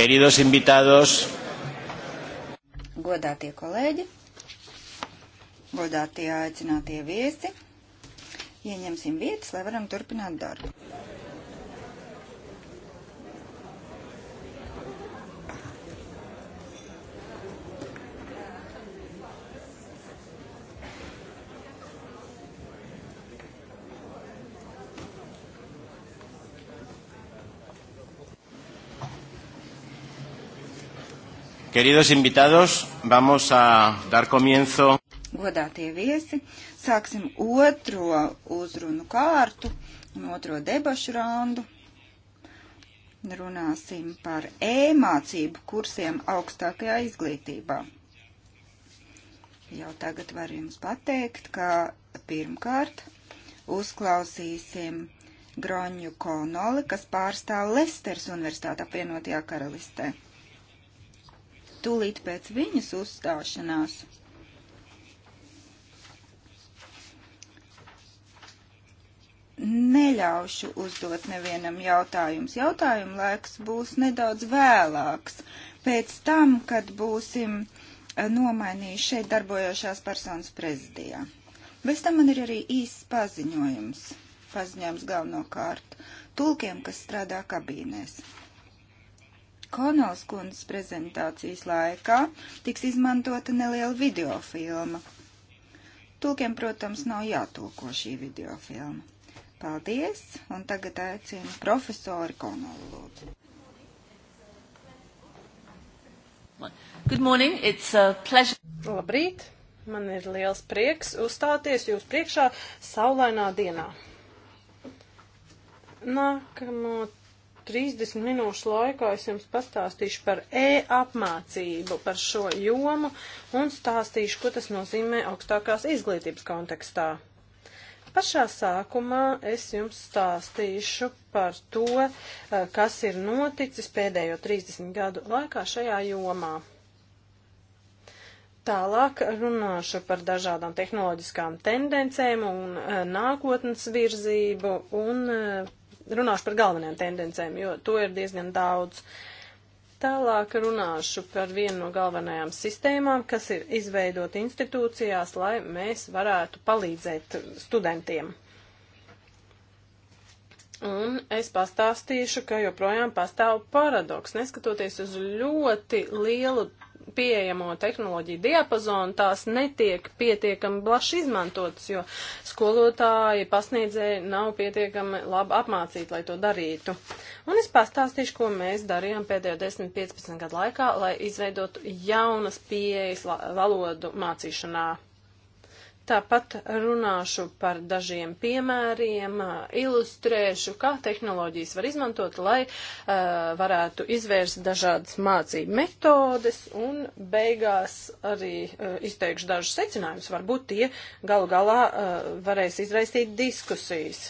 Queridos invitados. Godātie kolēģi, godātie aicinātie viesi, ieņemsim vietas, lai varam turpināt darbu. Queridos invitados, vamos a dar comienzo. Godātie viesi, sāksim otro uzrunu kārtu un otro debašu raundu. Runāsim par e-mācību kursiem augstākajā izglītībā. Jau tagad varu jums pateikt, ka pirmkārt uzklausīsim Groņu Konoli, kas pārstāv Lesters Universitāte apvienotajā karalistē tūlīt pēc viņas uzstāšanās. Neļaušu uzdot nevienam jautājums. Jautājumu laiks būs nedaudz vēlāks, pēc tam, kad būsim eh, nomainījuši šeit darbojošās personas prezidijā. Bez tam man ir arī īsts paziņojums. Paziņojums galvenokārt tulkiem, kas strādā kabīnēs. Konals kundzes prezentācijas laikā tiks izmantota neliela videofilma. Tulkiem, protams, nav jātulko šī videofilma. Paldies, un tagad aicinu profesori Konalu lūdzu. Good morning, it's a pleasure. Labrīt, man ir liels prieks uzstāties jūs priekšā saulainā dienā. Nākamo 30 minūšu laikā es jums pastāstīšu par e-apmācību, par šo jomu un stāstīšu, ko tas nozīmē augstākās izglītības kontekstā. Pašā sākumā es jums stāstīšu par to, eh, kas ir noticis pēdējo 30 gadu laikā šajā jomā. Tālāk runāšu par dažādām tehnoloģiskām tendencēm un eh, nākotnes virzību un eh, runāšu par galvenajām tendencēm, jo to ir diezgan daudz. Tālāk runāšu par vienu no galvenajām sistēmām, kas ir izveidot institūcijās, lai mēs varētu palīdzēt studentiem. Un es pastāstīšu, ka joprojām pastāv paradoks, neskatoties uz ļoti lielu pieejamo tehnoloģiju diapazonu tās netiek pietiekami plaši izmantotas, jo skolotāji pasniedzēji nav pietiekami labi apmācīti, lai to darītu. Un es pastāstīšu, ko mēs darījām pēdējo 10-15 gadu laikā, lai izveidotu jaunas pieejas valodu mācīšanā. Tāpat runāšu par dažiem piemēriem, ilustrēšu, kā tehnoloģijas var izmantot, lai uh, varētu izvērst dažādas mācību metodes un beigās arī uh, izteikšu dažus secinājumus. Varbūt tie galu galā uh, varēs izraisīt diskusijas.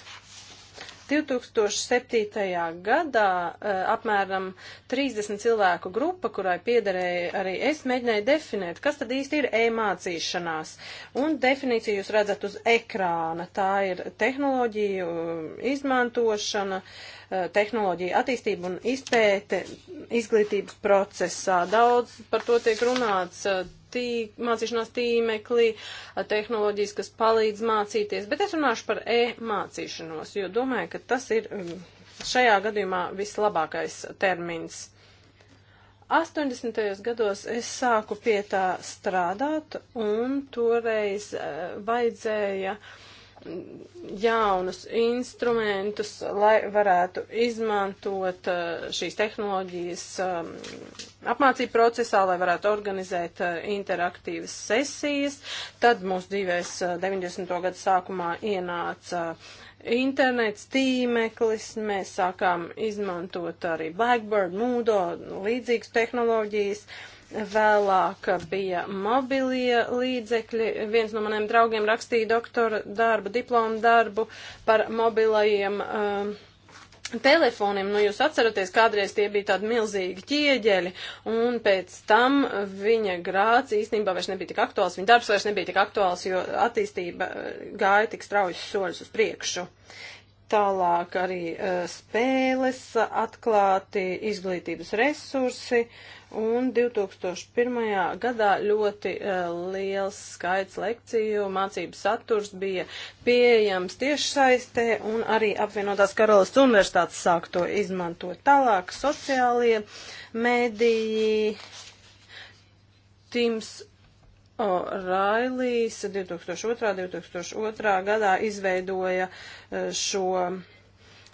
2007. gadā eh, apmēram 30 cilvēku grupa, kurai piederēja arī es, mēģināja definēt, kas tad īsti ir e-mācīšanās. Un definīciju jūs redzat uz ekrāna. Tā ir tehnoloģija eh, izmantošana, eh, tehnoloģija attīstība un izpēte izglītības procesā. Daudz par to tiek runāts tīk, mācīšanās tīmeklī, tehnoloģijas, kas palīdz mācīties, bet es runāšu par e-mācīšanos, jo domāju, ka tas ir mm, šajā gadījumā vislabākais termins. 80. gados es sāku pie tā strādāt, un toreiz uh, vajadzēja uh, jaunus instrumentus, lai varētu izmantot uh, šīs tehnoloģijas um, apmācību procesā, lai varētu organizēt uh, interaktīvas sesijas. Tad mūsu dzīvēs 90. Uh, gadu sākumā ienāca internets, tīmeklis, mēs sākām izmantot arī Blackbird, Moodle, līdzīgas tehnoloģijas. Uh, Vēlāk bija mobilie līdzekļi. Viens no maniem draugiem rakstīja doktora darbu, diplomu darbu par mobilajiem um, telefoniem. Nu, jūs atceraties, kādreiz tie bija tādi milzīgi ķieģeļi, un pēc tam viņa grāts īstenībā vairs nebija tik aktuāls, viņa darbs vairs nebija tik aktuāls, jo attīstība uh, gāja tik straujas soļus uz priekšu. Tālāk arī uh, spēles, atklāti izglītības resursi. Uh, Un 2001. gadā ļoti uh, liels skaits lekciju mācību saturs bija pieejams tiešsaistē un arī apvienotās karalists universitātes sāk to izmantot. Tālāk sociālie mediji Tims Railīs 2002. 2002. gadā izveidoja uh, šo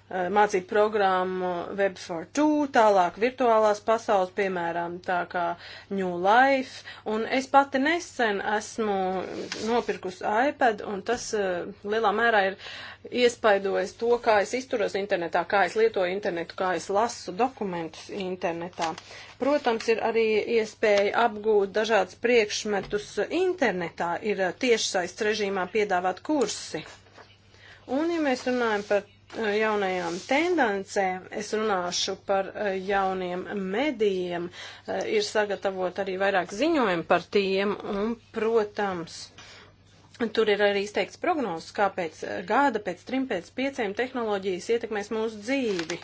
Eh, mācību programmu Web for Two, tālāk virtuālās pasaules, piemēram, tā kā New Life. Un es pati nesen esmu nopirkus iPad, un tas uh, lielā mērā ir iespaidojis to, kā es izturos internetā, kā es lietoju internetu, kā es lasu dokumentus internetā. Protams, ir arī iespēja apgūt dažādas priekšmetus internetā, ir eh, tiešsaists režīmā piedāvāt kursi. Un, ja mēs runājam par Eh, jaunajām tendencēm, es runāšu par eh, jauniem medijiem, eh, ir sagatavot arī vairāk ziņojumu par tiem, un, protams, Tur ir arī izteikts prognozes, kā pēc gada, pēc trim, pēc pieciem tehnoloģijas ietekmēs mūsu dzīvi.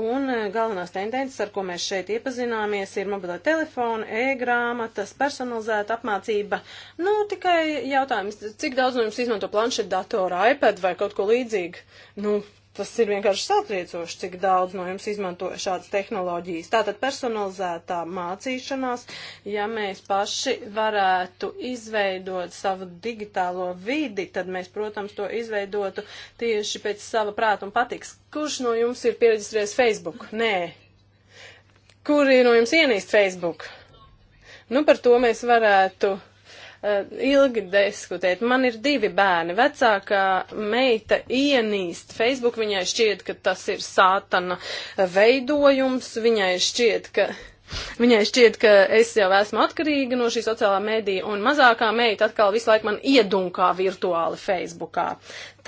Un eh, galvenās tendences, ar ko mēs šeit iepazināmies, ir mobila telefona, e-grāmatas, personalizēta apmācība. Nu, tikai jautājums, cik daudz no jums izmanto planšetdatoru, iPad vai kaut ko līdzīgu? Nu, Tas ir vienkārši satriecoši, cik daudz no jums izmanto šādas tehnoloģijas. Tātad personalizētā mācīšanās, ja mēs paši varētu izveidot savu digitālo vidi, tad mēs, protams, to izveidotu tieši pēc sava prāta un patiks. Kurš no jums ir pieredzējis Facebook? Nē. Kuri no jums ienīst Facebook? Nu, par to mēs varētu Eh, ilgi diskutēt. Man ir divi bērni. Vecākā meita ienīst Facebook, viņai šķiet, ka tas ir sātana veidojums, viņai šķiet, ka Viņai šķiet, ka es jau esmu atkarīga no šī sociālā medija, un mazākā meita atkal visu laiku man iedunkā virtuāli Facebookā.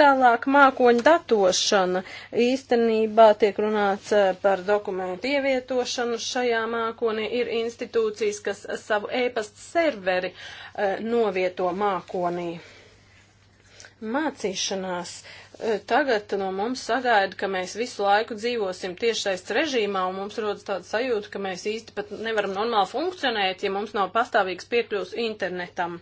Tālāk mākoņu datošana. Īstenībā tiek runāts eh, par dokumentu ievietošanu. Šajā mākonī ir institūcijas, kas savu e-pasta serveri eh, novieto mākonī. Mācīšanās. Uh, Eh, tagad no mums sagaida, ka mēs visu laiku dzīvosim tiešais režīmā, un mums rodas tāda sajūta, ka mēs īsti pat nevaram normāli funkcionēt, ja mums nav pastāvīgs piekļūs internetam.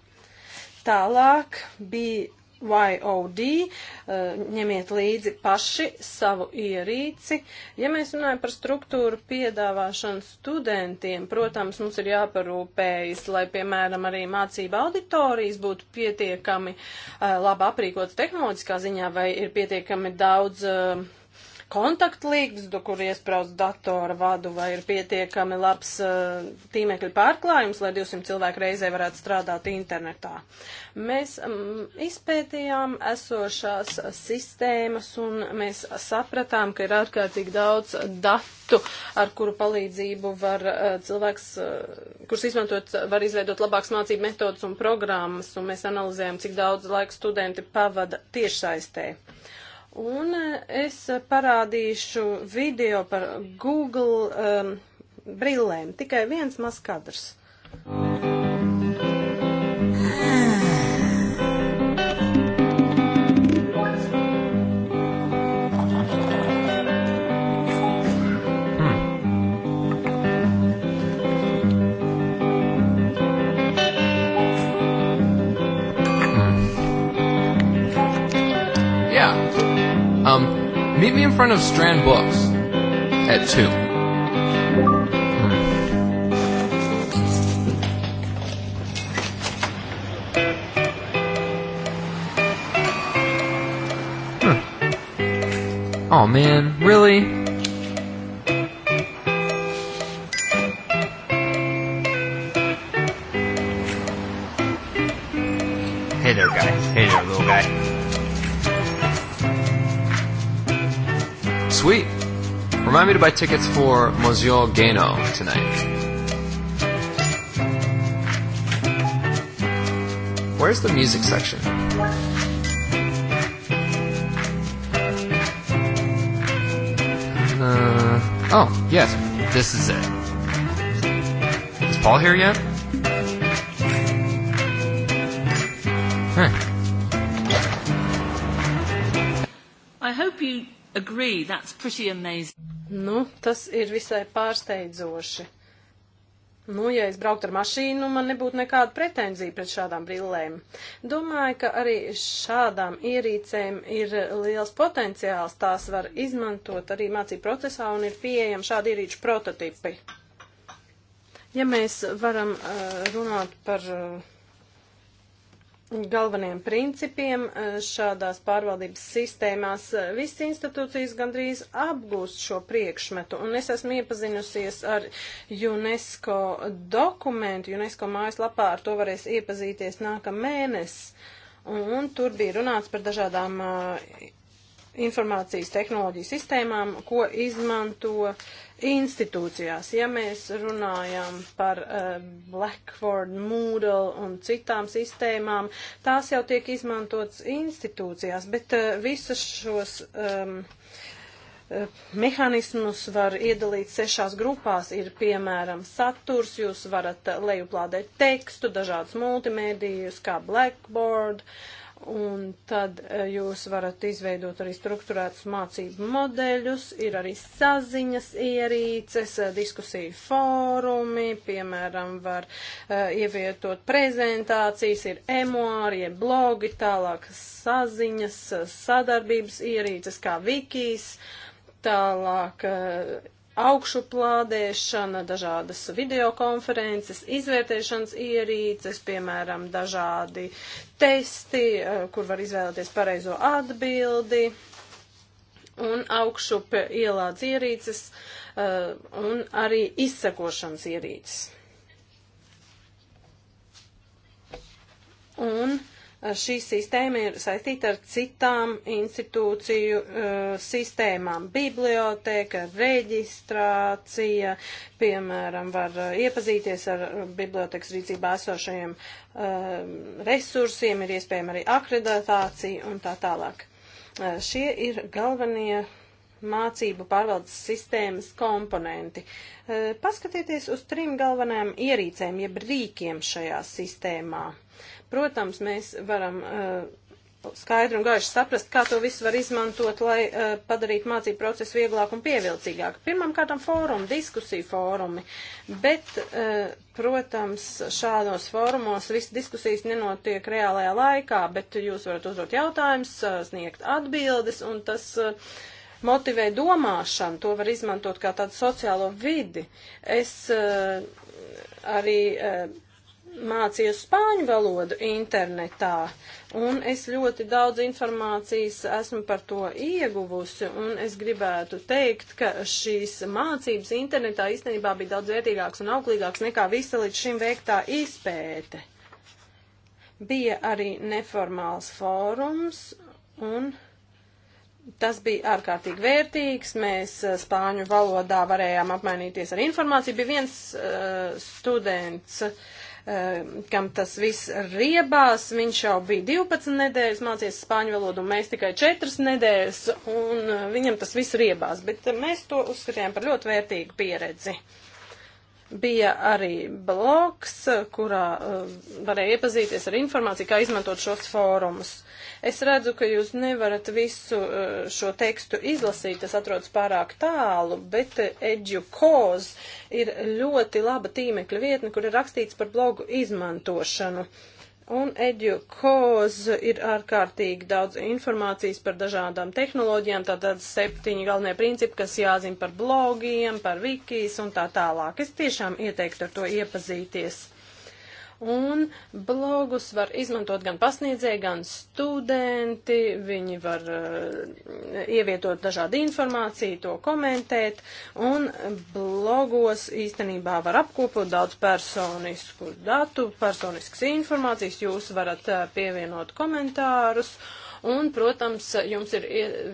Tālāk bija YOD, eh, ņemiet līdzi paši savu ierīci. Ja mēs runājam par struktūru piedāvāšanu studentiem, protams, mums ir jāparūpējas, lai, piemēram, arī mācība auditorijas būtu pietiekami eh, labi aprīkotas tehnoloģiskā ziņā vai ir pietiekami daudz uh, kontaktlīgs, kur iesprāst datora vadu vai ir pietiekami labs uh, tīmekļa pārklājums, lai 200 cilvēku reizē varētu strādāt internetā. Mēs um, izpētījām esošās sistēmas un mēs sapratām, ka ir ārkārtīgi daudz datu, ar kuru palīdzību var uh, cilvēks, uh, kurus izmantot, var izveidot labāks mācību metodas un programmas, un mēs analizējam, cik daudz laika studenti pavada tiešsaistē. Uh, Un e, es parādīšu video par Google um, brillēm. Tikai viens maz kadrs. Mm. Meet me in front of Strand Books at 2. Huh. Hmm. Hmm. Oh man, really? remind me to buy tickets for Monsieur Gano tonight. Where's the music section? Uh, oh, yes, this is it. Is Paul here yet? Huh. I hope you agree that's pretty amazing. Nu, tas ir visai pārsteidzoši. Nu, ja es brauktu ar mašīnu, nu, man nebūtu nekāda pretenzija pret šādām brillēm. Domāju, ka arī šādām ierīcēm ir liels potenciāls, tās var izmantot arī mācību procesā un ir pieejami šādi ierīču prototipi. Ja mēs varam uh, runāt par uh, galveniem principiem e, šādās pārvaldības sistēmās. E, Viss institūcijas gandrīz apgūst šo priekšmetu, un es esmu iepazinusies ar UNESCO dokumentu. UNESCO mājaslapā ar to varēs iepazīties nākamēnes, un, un tur bija runāts par dažādām uh, informācijas tehnoloģiju sistēmām, ko izmanto uh, institūcijās. Ja mēs runājam par uh, eh, Blackford, Moodle un citām sistēmām, tās jau tiek izmantotas institūcijās, bet uh, eh, visas šos um, ehm, uh, eh, mehānismus var iedalīt sešās grupās. Ir, piemēram, saturs, jūs varat lejuplādēt tekstu, dažādus multimēdijus, kā Blackboard, uh, Un tad e, jūs varat izveidot arī struktūrētus mācību modeļus, ir arī saziņas ierīces, e, diskusiju fórumi, piemēram, var uh, ievietot prezentācijas, ir emuārie, blogi, tālāk saziņas, sadarbības ierīces kā wikijas, tālāk uh, augšuplādēšana, dažādas videokonferences, izvērtēšanas ierīces, piemēram, dažādi testi, eh, kur var izvēlēties pareizo atbildi un augšup ielādes ierīces eh, un arī izsekošanas ierīces. Un šī sistēma ir saistīta ar citām institūciju uh, sistēmām. Biblioteka, reģistrācija, piemēram, var uh, iepazīties ar uh, bibliotekas rīcībā esošajiem uh, resursiem, ir iespējama arī akreditācija un tā tālāk. Uh, šie ir galvenie mācību pārvaldes sistēmas komponenti. Uh, paskatieties uz trim galvenajām ierīcēm, jeb rīkiem šajā sistēmā. Uh, Protams, mēs varam uh, skaidri un gaiši saprast, kā to visu var izmantot, lai uh, padarītu mācību procesu vieglāk un pievilcīgāk. Pirmkārt, fórumi, diskusiju fórumi, bet, uh, protams, šādos fórumos visas diskusijas nenotiek reālajā laikā, bet jūs varat uzdot jautājumus, uh, sniegt atbildes, un tas uh, motivē domāšanu, to var izmantot kā tādu sociālo vidi. Es, uh, arī uh, mācījos spāņu valodu internetā, un es ļoti daudz informācijas esmu par to ieguvusi, un es gribētu teikt, ka šīs mācības internetā īstenībā bija daudz vērtīgāks un auglīgāks nekā visa līdz šim veiktā izpēte. Bija arī neformāls fórums, un. Tas bija ārkārtīgi vērtīgs. Mēs eh, spāņu valodā varējām apmainīties ar informāciju. Bija viens uh, students, uh, Eh, kam tas viss riebās. Viņš jau bija 12 nedēļas mācījies spāņu valodu, un mēs tikai 4 nedēļas, un eh, viņam tas viss riebās. Bet eh, mēs to uzskatījām par ļoti vērtīgu pieredzi bija arī bloks, kurā uh, varēja iepazīties ar informāciju, kā izmantot šos fórumus. Es redzu, ka jūs nevarat visu uh, šo tekstu izlasīt, tas atrodas pārāk tālu, bet eh, EduCause ir ļoti laba tīmekļa vietne, kur ir rakstīts par blogu izmantošanu. Uh, Un EduCoz ir ārkārtīgi daudz informācijas par dažādām tehnoloģijām, tātad septiņi galvenie principi, kas jāzina par blogiem, par wikijas un tā tālāk. Es tiešām ieteiktu ar to iepazīties. Un blogus var izmantot gan pasniedzēji, gan studenti. Viņi var uh, ievietot dažādu informāciju, to komentēt. Un blogos īstenībā var apkopot daudz personisku datu, personiskas informācijas. Jūs varat uh, pievienot komentārus. Un, protams, jums ir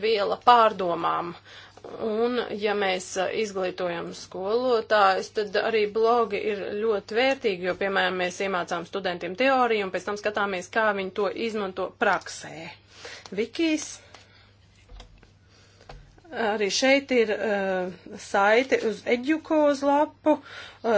viela pārdomām. Uh, Un, ja mēs izglītojam skolotājus, tad arī blogi ir ļoti vērtīgi, jo, piemēram, mēs iemācām studentiem teoriju un pēc tam skatāmies, kā viņi to izmanto praksē. Vikijs. Arī šeit ir uh, eh, saite uz eģukoz lapu, uh,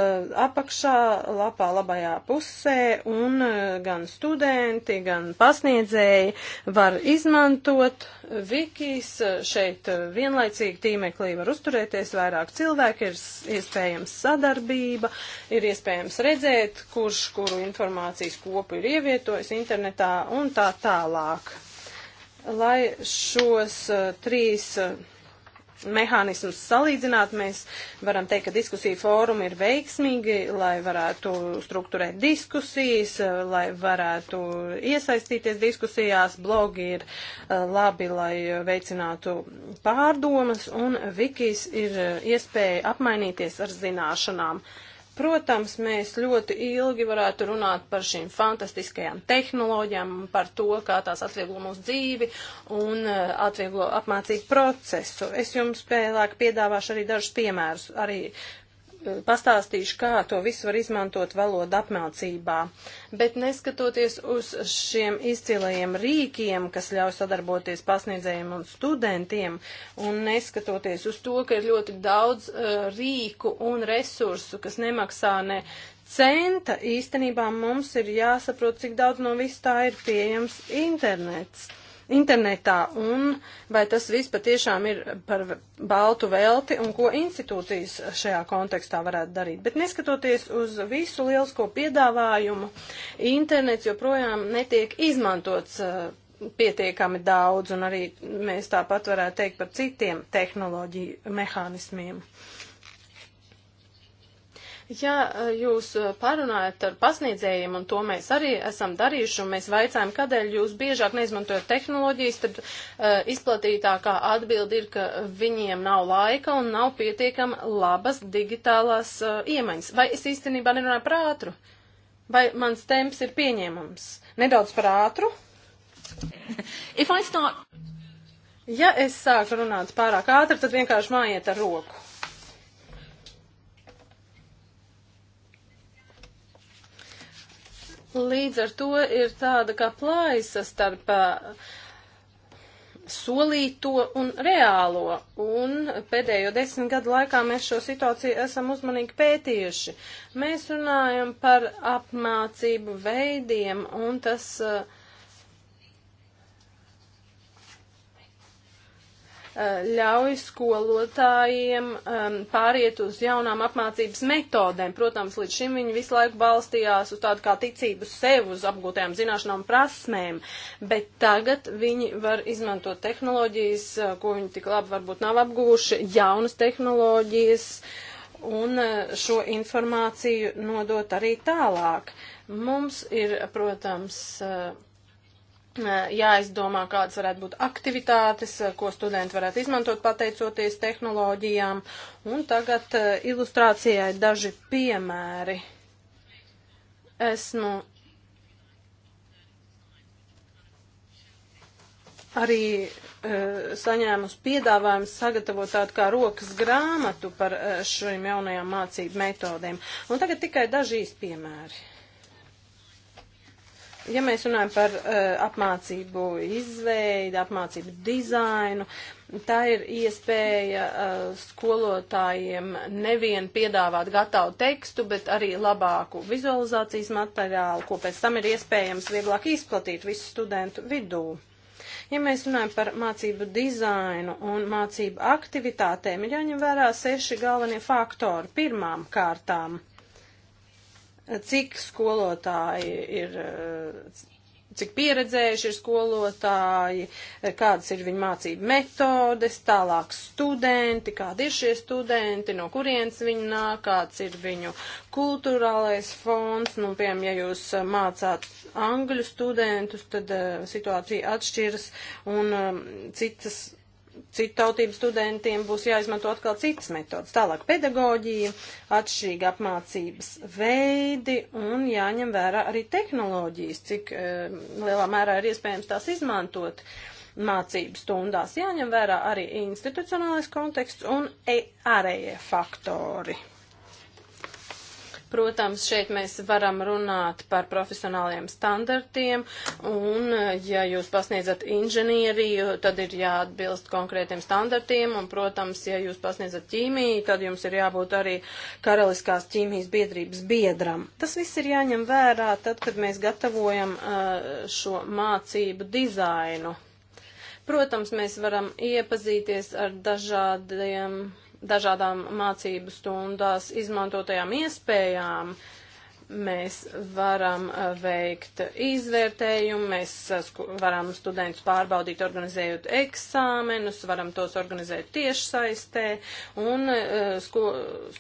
apakšā lapā labajā pusē, un uh, gan studenti, gan pasniedzēji var izmantot vikijas. Šeit uh, vienlaicīgi tīmeklī var uzturēties vairāk cilvēku, ir iespējams sadarbība, ir iespējams redzēt, kurš kuru informācijas kopu ir ievietojis internetā un tā tālāk. Lai šos uh, trīs. Uh, mehānismus salīdzināt, mēs varam teikt, ka diskusija fórumi ir veiksmīgi, lai varētu struktūrēt diskusijas, lai varētu iesaistīties diskusijās, blogi ir eh, labi, lai veicinātu pārdomas, un Vikijas ir eh, iespēja apmainīties ar zināšanām. Uh, Protams, mēs ļoti ilgi varētu runāt par šīm fantastiskajām tehnoloģijām, par to, kā tās atvieglo mūsu dzīvi un eh, atvieglo apmācību procesu. Es jums vēlāk piedāvāšu arī dažus piemērus, arī pastāstīšu, kā to visu var izmantot valodu apmācībā. Bet neskatoties uz šiem izcilajiem rīkiem, kas ļauj sadarboties pasniedzējiem un studentiem, un neskatoties uz to, ka ir ļoti daudz uh, rīku un resursu, kas nemaksā ne centa, īstenībā mums ir jāsaprot, cik daudz no viss tā ir pieejams internets. Uh, internetā un vai tas viss patiešām ir par baltu velti un ko institūcijas šajā kontekstā varētu darīt. Bet neskatoties uz visu lielisko piedāvājumu, internets joprojām netiek izmantots uh, pietiekami daudz un arī mēs tāpat varētu teikt par citiem tehnoloģiju mehānismiem. Uh, Ja e, jūs e, parunājat ar pasniedzējiem, un to mēs arī esam darījuši, un mēs vaicājam, kādēļ jūs biežāk neizmantojat tehnoloģijas, tad uh, izplatītākā atbildi ir, ka viņiem nav laika un nav pietiekama labas digitālās uh, iemaņas. Vai es īstenībā nerunāju par ātru? Vai mans temps ir pieņēmams? Nedaudz par ātru? If I start... Ja es sāku runāt pārāk ātri, tad vienkārši mājiet ar roku. Līdz ar to ir tāda kā plājas starp solīto un reālo. Un pēdējo desmit gadu laikā mēs šo situāciju esam uzmanīgi pētījuši. Mēs runājam par apmācību veidiem, un tas uh, ļauj skolotājiem um, pāriet uz jaunām apmācības metodēm. Protams, līdz šim viņi visu laiku balstījās uz tādu kā ticību sev, uz apgūtajām zināšanām, prasmēm, bet tagad viņi var izmantot tehnoloģijas, uh, ko viņi tik labi varbūt nav apguvuši, jaunas tehnoloģijas un uh, šo informāciju nodot arī tālāk. Mums ir, protams, uh, Eh, jāizdomā, kādas varētu būt aktivitātes, eh, ko studenti varētu izmantot pateicoties tehnoloģijām. Un tagad eh, ilustrācijai daži piemēri. Esmu arī e, saņēmusi piedāvājumu sagatavot tādu kā rokas grāmatu par e, šīm jaunajām mācību metodēm. Un tagad tikai dažīs piemēri. Ja mēs runājam par uh, apmācību izveidu, apmācību dizainu, tā ir iespēja uh, skolotājiem nevien piedāvāt gatavu tekstu, bet arī labāku vizualizācijas materiālu, ko pēc tam ir iespējams vieglāk izplatīt visu studentu vidū. Ja mēs runājam par mācību dizainu un mācību aktivitātēm, ir jāņem vērā seši galvenie faktori pirmām kārtām cik skolotāji ir, cik pieredzējuši ir skolotāji, kādas ir viņu mācību metodes, tālāk studenti, kādi ir šie studenti, no kurienes viņi nāk, kāds ir viņu kultūrālais fons. Nu, piemēram, ja jūs mācāt angļu studentus, tad uh, situācija atšķiras un um, citas citu tautību studentiem būs jāizmanto atkal citas metodas. Tālāk pedagoģija, atšķirīga apmācības veidi un jāņem vērā arī tehnoloģijas, cik e, lielā mērā ir iespējams tās izmantot mācību stundās. Jāņem vērā arī institucionālais konteksts un e ārējie faktori. Protams, šeit mēs varam runāt par profesionāliem standartiem, un ja jūs pasniedzat inženieriju, tad ir jāatbilst konkrētiem standartiem, un, protams, ja jūs pasniedzat ķīmiju, tad jums ir jābūt arī Karaliskās ķīmijas biedrības biedram. Tas viss ir jāņem vērā tad, kad mēs gatavojam uh, šo mācību dizainu. Protams, mēs varam iepazīties ar dažādiem dažādām mācību stundās izmantotajām iespējām. Mēs varam uh, veikt izvērtējumu, mēs uh, varam studentus pārbaudīt, organizējot eksāmenus, varam tos organizēt tiešsaistē, un uh, sku,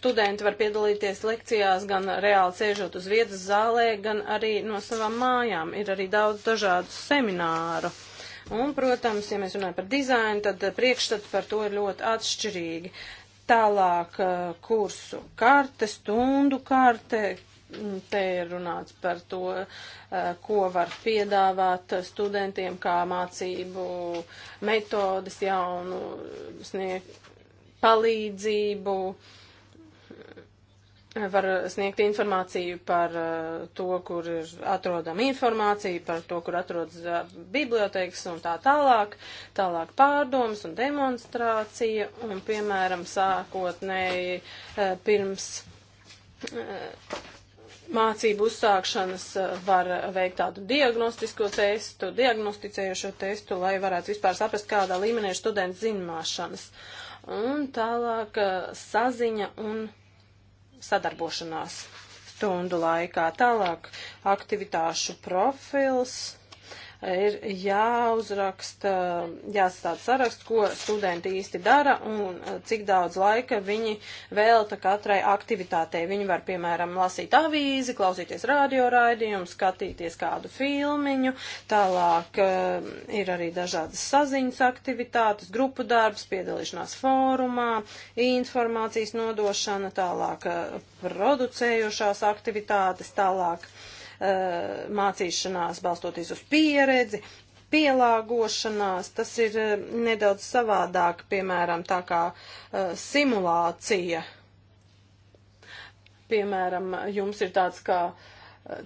studenti var piedalīties lekcijās gan reāli sēžot uz vietas zālē, gan arī no savām mājām. Ir arī daudz dažādu semināru. Un, protams, ja mēs runājam par dizainu, tad priekšstats par to ir ļoti atšķirīgi. Tālāk uh, kursu karte, stundu karte, mm, te ir runāts par to, uh, ko var piedāvāt studentiem kā mācību metodas jaunu sniegt palīdzību. Uh, var sniegt informāciju par uh, to, kur ir atrodama informācija, par to, kur atrodas uh, bibliotēkas un tā tālāk, tālāk pārdomas un demonstrācija, un, piemēram, sākotnēji uh, pirms mācību uzsākšanas var veikt tādu diagnostisko testu, diagnosticējošo testu, lai varētu vispār saprast, kādā līmenī ir students zināšanas. Un tālāk saziņa un sadarbošanās stundu laikā. Tālāk aktivitāšu profils ir jāuzraksta, jāsastāda saraksts, ko studenti īsti dara un eh, cik daudz laika viņi vēlta katrai aktivitātei. Viņi var, piemēram, lasīt avīzi, klausīties radioraidījumu, skatīties kādu filmiņu, tālāk eh, ir arī dažādas saziņas aktivitātes, grupu darbs, piedalīšanās fórumā, informācijas nodošana, tālāk eh, producējošās aktivitātes, tālāk. Uh, Uh, mācīšanās balstoties uz pieredzi, pielāgošanās, tas ir uh, nedaudz savādāk, piemēram, tā kā uh, simulācija. Piemēram, jums ir tāds kā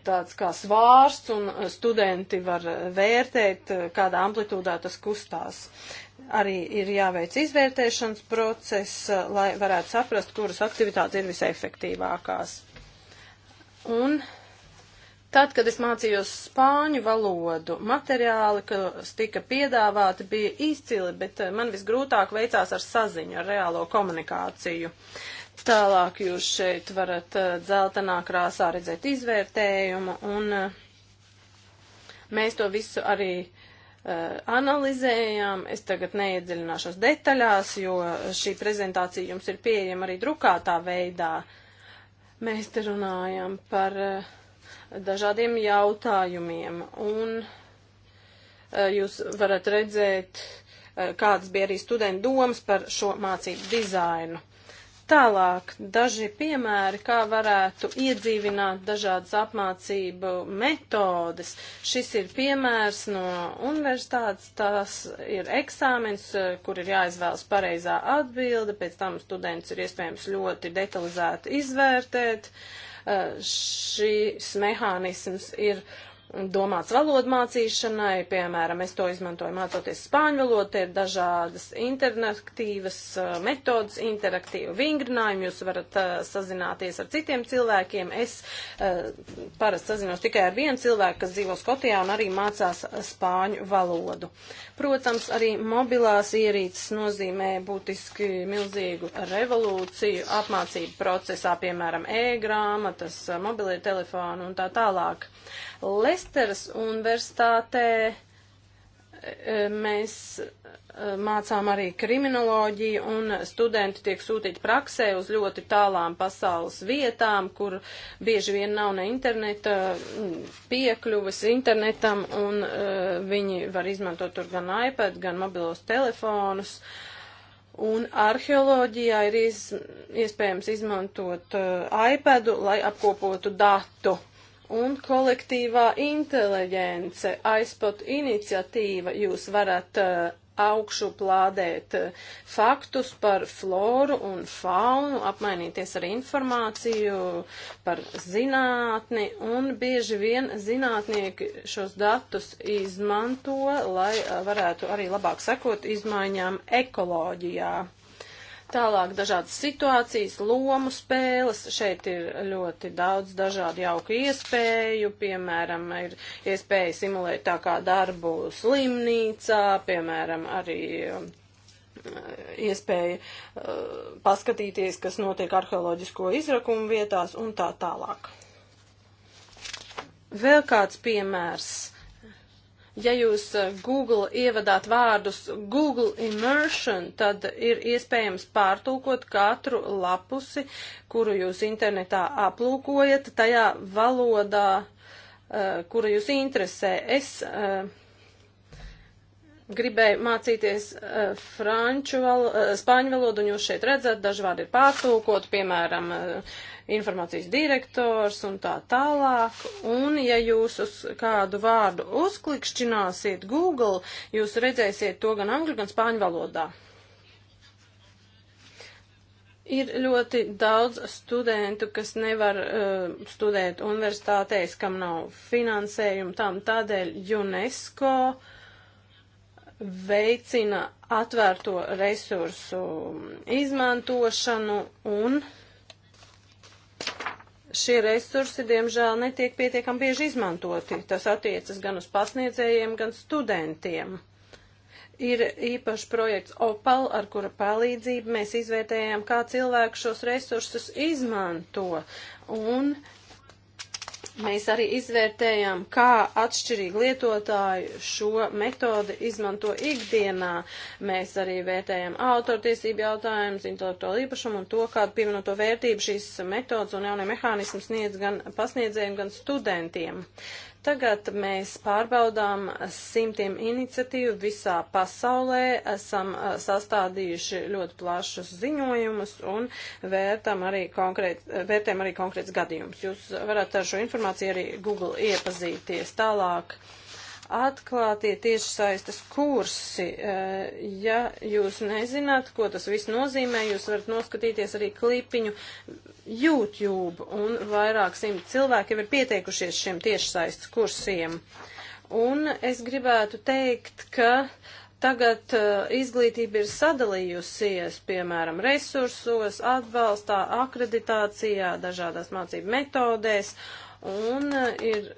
tāds kā svārsts, un studenti var vērtēt, kādā amplitūdā tas kustās. Arī ir jāveic izvērtēšanas process, lai varētu saprast, kuras aktivitātes ir visefektīvākās. Un Tad, kad es mācījos spāņu valodu, materiāli, kas tika piedāvāti, bija izcili, bet eh, man visgrūtāk veicās ar saziņu, ar reālo komunikāciju. Tālāk jūs šeit varat eh, dzeltenā krāsā redzēt izvērtējumu, un eh, mēs to visu arī uh, analizējām. Es tagad neiedziļināšos detaļās, jo šī prezentācija jums ir pieejama arī drukātā veidā. Mēs te runājam par uh, dažādiem jautājumiem. Un e, jūs varat redzēt, e, kādas bija arī studentu domas par šo mācību dizainu. Tālāk daži piemēri, kā varētu iedzīvināt dažādas apmācību metodes. Šis ir piemērs no universitātes, tas ir eksāmens, e, kur ir jāizvēlas pareizā atbilde, pēc tam students ir iespējams ļoti detalizēti izvērtēt. Uh, šīs mehānisms ir domāts valodu mācīšanai, piemēram, es to izmantoju mācoties spāņu valodu, tie ir dažādas interaktīvas uh, metodas, interaktīva vingrinājumi, jūs varat uh, sazināties ar citiem cilvēkiem, es uh, parasti sazinos tikai ar vienu cilvēku, kas dzīvo Skotijā un arī mācās spāņu valodu. Protams, arī mobilās ierīces nozīmē būtiski milzīgu revolūciju apmācību procesā, piemēram, e-grāmatas, mobilie telefoni un tā tālāk. Lesteras universitātē e, mēs e, mācām arī kriminoloģiju, un studenti tiek sūtīti praksē uz ļoti tālām pasaules vietām, kur bieži vien nav ne interneta mm, piekļuves internetam, un uh, viņi var izmantot tur gan iPad, gan mobilos telefonus. Un arheoloģijā ir iz, iespējams izmantot uh, iPadu, lai apkopotu datu un kolektīvā inteliģence, aizpat iniciatīva, jūs varat uh, augšu plādēt uh, faktus par floru un faunu, apmainīties ar informāciju par zinātni, un bieži vien zinātnieki šos datus izmanto, lai uh, varētu arī labāk sekot izmaiņām ekoloģijā. Tālāk dažādas situācijas, lomu spēles. Šeit ir ļoti daudz dažādu jauku iespēju. Piemēram, ir iespēja simulēt tā kā darbu slimnīcā, piemēram, arī um, iespēja uh, paskatīties, kas notiek arheoloģisko izrakumu vietās un tā tālāk. Vēl kāds piemērs Ja jūs eh, Google ievadāt vārdus Google Immersion, tad ir iespējams pārtulkot katru lapusi, kuru jūs internetā aplūkojat, tajā valodā, eh, kura jūs interesē. Es eh, gribēju mācīties uh, franču, val, uh, eh, spāņu valodu, un jūs šeit redzat, daži vārdi ir pārtūkot, piemēram, uh, informācijas direktors un tā tālāk. Un, ja jūs uz kādu vārdu uzklikšķināsiet Google, jūs redzēsiet to gan angļu, gan spāņu valodā. Ir ļoti daudz studentu, kas nevar uh, studēt universitātēs, kam nav finansējuma tam tādēļ UNESCO uh, veicina atvērto resursu izmantošanu un šie resursi, diemžēl, netiek pietiekam bieži izmantoti. Tas attiecas gan uz pasniedzējiem, gan studentiem. Ir īpašs projekts OPAL, ar kura palīdzību mēs izvērtējām, kā cilvēki šos resursus izmanto. Un uh, Mēs arī izvērtējām, kā atšķirīgi lietotāji šo metodi izmanto ikdienā. Mēs arī vērtējam autortiesību jautājumus, intelektuālu īpašumu un to, kādu pievienoto vērtību šīs metodas un jaunie mehānismi sniedz gan pasniedzējiem, gan studentiem. Tagad mēs pārbaudām simtiem iniciatīvu visā pasaulē, esam sastādījuši ļoti plašus ziņojumus un vērtam arī konkrēt, vērtējam arī konkrēts gadījums. Jūs varat ar šo informāciju arī Google iepazīties tālāk. Uh, atklātie tiešsaistes kursi. Eh, ja jūs nezināt, ko tas viss nozīmē, jūs varat noskatīties arī klipiņu YouTube, un vairāk simt cilvēki jau ir pieteikušies šiem tiešsaistes kursiem. Un es gribētu teikt, ka tagad uh, izglītība ir sadalījusies, piemēram, resursos, atbalstā, akreditācijā, dažādās mācību metodēs, un uh, ir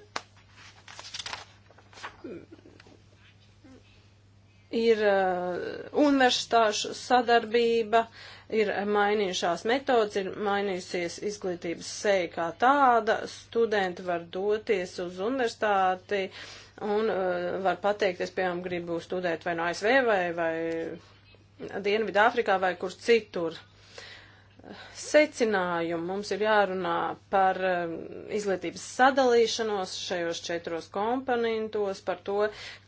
ir eh, universitāšu sadarbība, ir mainījušās metodas, ir mainījusies izglītības seja kā tāda, studenti var doties uz universitāti un eh, var pateikt, es, piemēram, gribu studēt vai no ASV vai, vai Dienvidāfrikā vai kur citur secinājumu. Mums ir jārunā par um, izglītības sadalīšanos šajos četros komponentos, par to,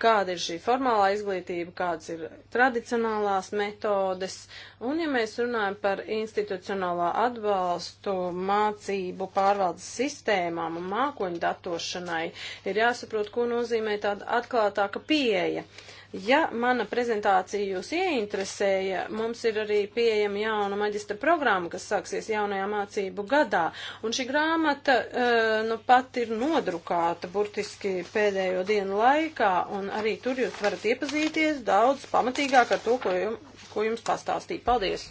kāda ir šī formālā izglītība, kādas ir tradicionālās metodes. Un, ja mēs runājam par institucionālā atbalstu mācību pārvaldes sistēmām un mākoņu datošanai, ir jāsaprot, ko nozīmē tāda atklātāka pieeja. Uh, Ja mana prezentācija jūs ieinteresēja, mums ir arī pieejama jauna maģistra programma, kas sāksies jaunajā mācību gadā. Un šī grāmata uh, nu pat ir nodrukāta burtiski pēdējo dienu laikā, un arī tur jūs varat iepazīties daudz pamatīgāk ar to, ko jums, ko jums pastāstīja. Paldies!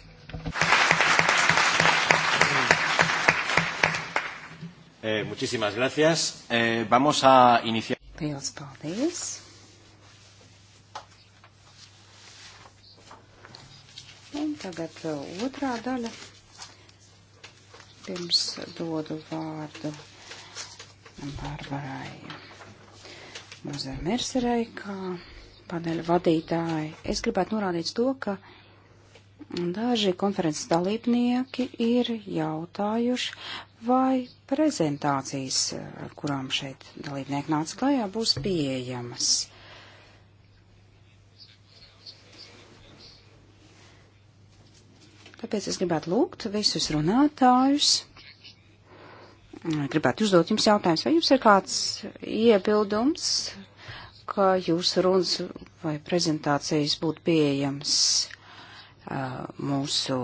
Eh, muchísimas gracias. Eh, vamos a iniciar. Dios, paldies. Un tagad uh, otrā daļa. Pirms dodu vārdu Barbarai Mozē Merserei, kā paneļa vadītāji. Es gribētu norādīt to, ka daži konferences dalībnieki ir jautājuši, vai prezentācijas, ar kurām šeit dalībnieki nāca klajā, būs pieejamas. Tāpēc es gribētu lūgt visus runātājus. Eh, gribētu uzdot jums jautājumus, vai jums ir kāds iebildums, ka jūsu runas vai prezentācijas būtu pieejams uh, eh, mūsu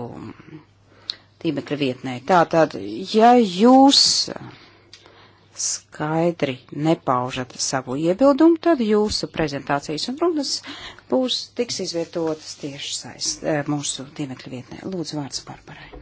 tīmekļa vietnē. Tātad, ja jūs skaidri nepaužat savu iebildumu, tad jūsu prezentācijas un runas būs tiks izvietotas tieši saist, eh, mūsu tīmekļa vietnē. Lūdzu, vārds Barbarai.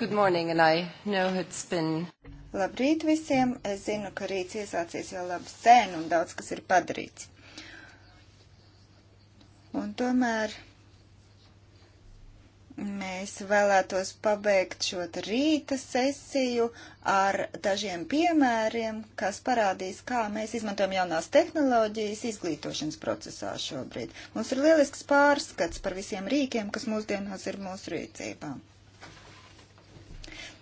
Good morning, and I know it's been Labrīt visiem! Es zinu, ka rīts iesācies jau labu sēnu un daudz kas ir padarīts. Un tomēr mēs vēlētos pabeigt šo rīta sesiju ar dažiem piemēriem, kas parādīs, kā mēs izmantojam jaunās tehnoloģijas izglītošanas procesā šobrīd. Mums ir lielisks pārskats par visiem rīkiem, kas mūsdienās ir mūsu rīcībā.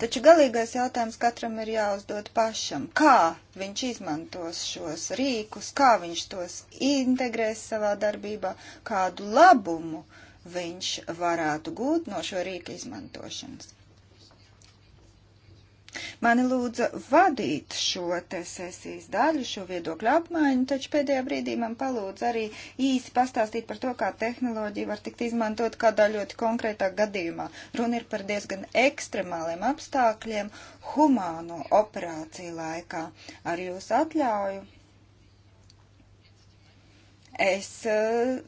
Taču galīgais jautājums katram ir jāuzdod pašam. Kā viņš izmantos šos rīkus, kā viņš tos integrēs savā darbībā, kādu labumu viņš varētu gūt no šo rīku izmantošanas. Mani lūdza vadīt šo te sesijas daļu, šo viedokļu apmaiņu, taču pēdējā brīdī man palūdza arī īsi pastāstīt par to, kā tehnoloģija var tikt izmantot kādā ļoti konkrētā gadījumā. Runa ir par diezgan ekstremāliem apstākļiem humāno operāciju laikā. Ar jūsu atļauju es. Uh,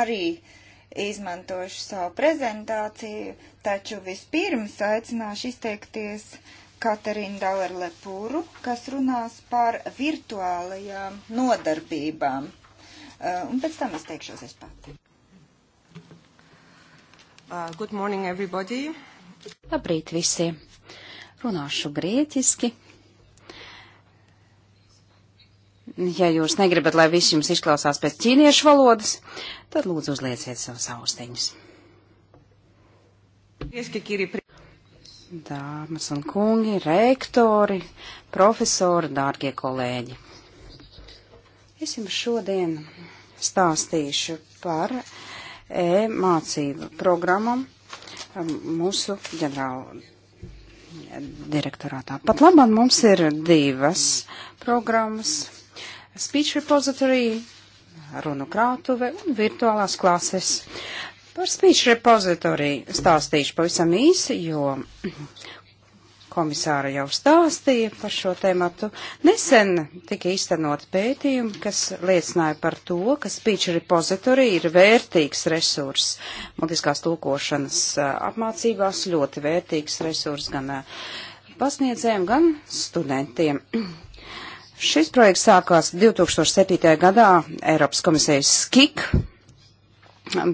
arī uh, izmantošu savu prezentāciju, taču vispirms aicināšu izteikties Katarīnu Dalerlepūru, kas runās par virtuālajām nodarbībām. Uh, un pēc tam izteikšos es pati. Uh, good morning, everybody! Labrīt visiem! Runāšu grieķiski Ja jūs negribat, lai viss jums izklausās pēc ķīniešu valodas, tad lūdzu uzlieciet savus austiņus. Dāmas un kungi, rektori, profesori, dārgie kolēģi. Es jums šodien stāstīšu par e-mācību programmam mūsu ģenerāla direktorātā. Pat labāk mums ir divas programmas speech repository, runu krātuve un virtuālās klases. Par speech repository stāstīšu pavisam īsi, jo komisāra jau stāstīja par šo tēmatu. Nesen tika iztenot pētījumi, kas liecināja par to, ka speech repository ir vērtīgs resurs. Mutiskās tulkošanas apmācībās ļoti vērtīgs resurs gan pasniedzējiem, gan studentiem. Šis projekts sākās 2007. gadā Eiropas komisijas SKIK,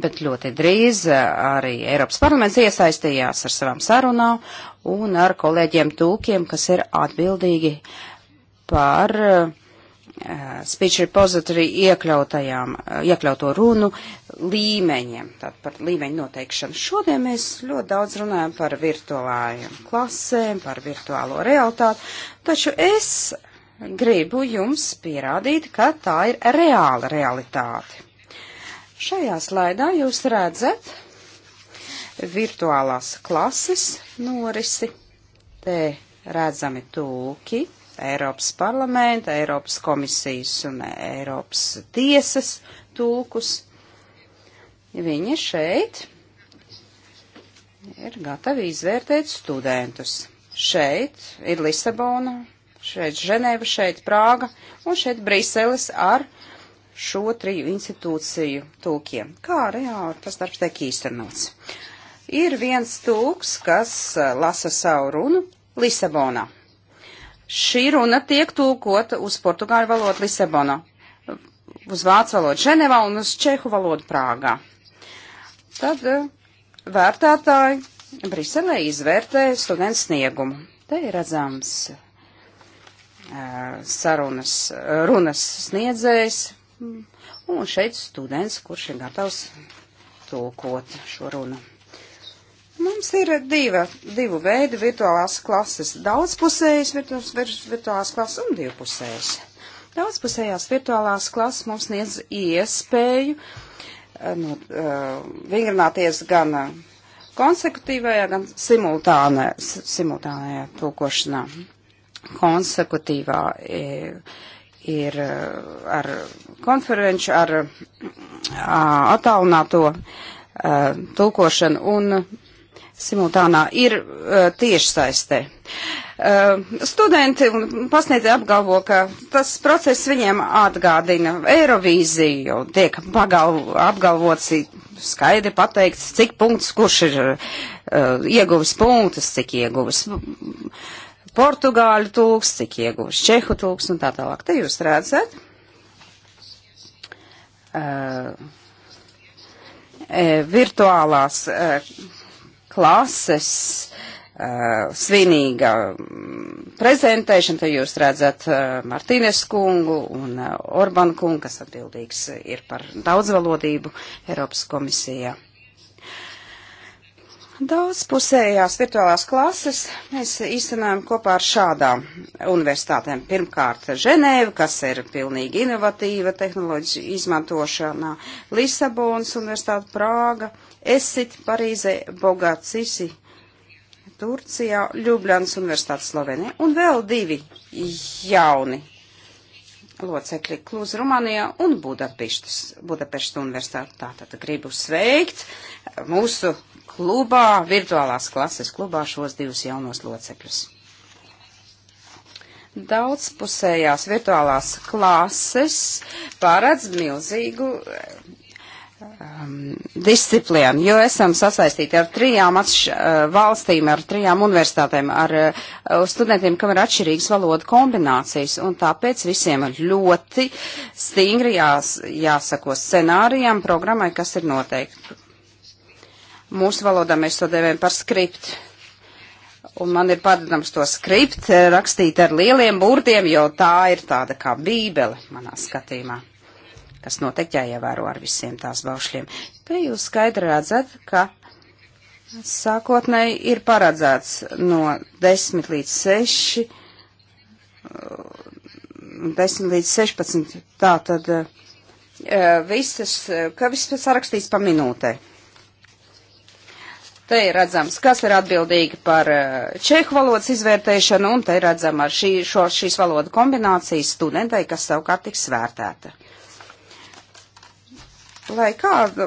bet ļoti drīz eh, arī Eiropas parlaments iesaistījās ar savām sarunām un ar kolēģiem tūkiem, kas ir atbildīgi par uh, speech repository iekļautajām, eh, iekļauto runu līmeņiem, tad par līmeņu noteikšanu. Šodien mēs ļoti daudz runājam par virtuālajām klasēm, par virtuālo realitāti, taču es gribu jums pierādīt, ka tā ir reāla realitāte. Šajā slaidā jūs redzat virtuālās klases norisi. Te redzami tūki Eiropas parlamenta, Eiropas komisijas un Eiropas tiesas tūkus. Viņi šeit ir gatavi izvērtēt studentus. Šeit ir Lisabona šeit Ženēva, šeit Prāga un šeit Briseles ar šo triju institūciju tūkiem. Kā reāli tas darbs tiek īstenots? Ir viens tūks, kas eh, lasa savu runu Lisabonā. Šī runa tiek tūkota uz portugāļu valodu Lisabonā, uz vācu valodu Ženevā un uz čehu valodu Prāgā. Tad eh, vērtētāji Briselē izvērtē studentu sniegumu. Te ir redzams Eh, sarunas, eh, runas sniedzējs, un šeit students, kurš ir gatavs tulkot šo runu. Mums ir diva, divu veidu virtuālās klases - daudzpusējas virtuālās klases un divpusējas. Daudzpusējās virtuālās klases mums sniedz iespēju eh, nu, vingrināties gan konsekutīvajā, gan simultānē, simultānajā tulkošanā konsekutīvā e, ir e, ar konferenču, ar e, attālināto tulkošanu un simultānā ir tiešsaistē. Studenti un pasniedzēji apgalvo, ka tas process viņiem atgādina Eirovīziju, jo tiek pagalvo, apgalvots skaidri pateikts, cik punkts, kurš ir uh, ieguvis punktus, cik ieguvis. Uh, portugāļu tulks, cik iegūs čehu tulks un tā tālāk. Te jūs redzat. Uh, virtuālās uh, klases uh, svinīga mm, prezentēšana, te jūs redzat Martīnes kungu un Orbán kungu, kas atbildīgs ir par daudzvalodību Eiropas komisijā. Daudzpusējās virtuālās klases mēs īstenojam kopā ar šādām universitātēm. Pirmkārt, Ženēva, kas ir pilnīgi inovatīva tehnoloģija izmantošanā, Lisabonas universitāte Prāga, Esit, Parīze, Bogacisi, Turcijā, Ljubljans universitāte Slovenija un vēl divi jauni locekļi Klūz Rumānijā un Budapeštas, Budapeštas universitāte. Tātad gribu sveikt mūsu klubā, virtuālās klases klubā šos divus jaunos locekļus. Daudzpusējās virtuālās klases paredz milzīgu um, disciplīnu, jo esam sasaistīti ar trijām atš, uh, valstīm, ar trijām universitātēm, ar uh, studentiem, kam ir atšķirīgas valodu kombinācijas, un tāpēc visiem ir ļoti stingri jās, jāsako scenārijām, programmai, kas ir noteikti. Mūsu valodā mēs to devējam par skript. Un man ir patīkams to skript eh, rakstīt ar lieliem burtiem, jo tā ir tāda kā bībele manā skatījumā, kas noteikti jāievēro ar visiem tās baušļiem. Te jūs skaidri redzat, ka sākotnēji ir paredzēts no 10 līdz 6, 10 eh, līdz 16, tā tad visas, ka viss sarakstīts pa minūtei. Te ir redzams, kas ir atbildīgi par eh, čehu valodas izvērtēšanu, un te ir redzama ar šī, šo, šīs valodu kombinācijas studentai, kas savukārt tiks svērtēta. Lai kādu,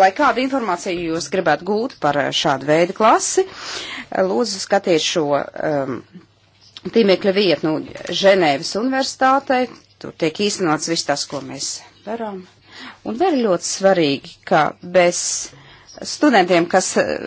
lai kādu informāciju jūs gribētu gūt par eh, šādu veidu klasi, eh, lūdzu skatiet šo um, tīmekļa vietnu Ženēvas universitātei. Tur tiek īstenots viss tas, ko mēs darām. Un vēl ļoti svarīgi, ka bez studentiem, kas eh,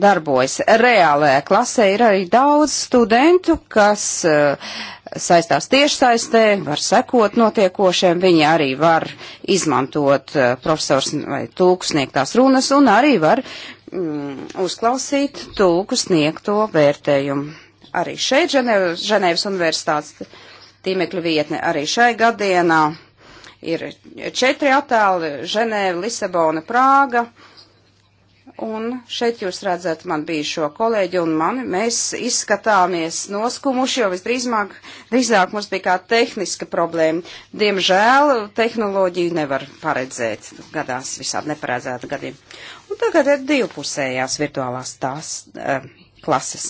darbojas reālajā klasē, ir arī daudz studentu, kas eh, saistās tiešsaistē, var sekot notiekošiem, viņi arī var izmantot eh, profesors vai tūku sniegtās runas un arī var mm, uzklausīt tūku sniegto vērtējumu. Arī šeit Ženev, Ženēvas universitātes tīmekļa vietne arī šai gadienā ir četri attēli - Ženēva, Lisabona, Prāga. Uh, Un šeit jūs redzat man bijušo kolēģi un mani. Mēs izskatāmies noskumuši, jo visdrīzāk drīzāk mums bija kā tehniska problēma. Diemžēl tehnoloģiju nevar paredzēt. Gadās visādi neparedzētu gadiem. Un tagad ir divpusējās virtuālās tās eh, klases.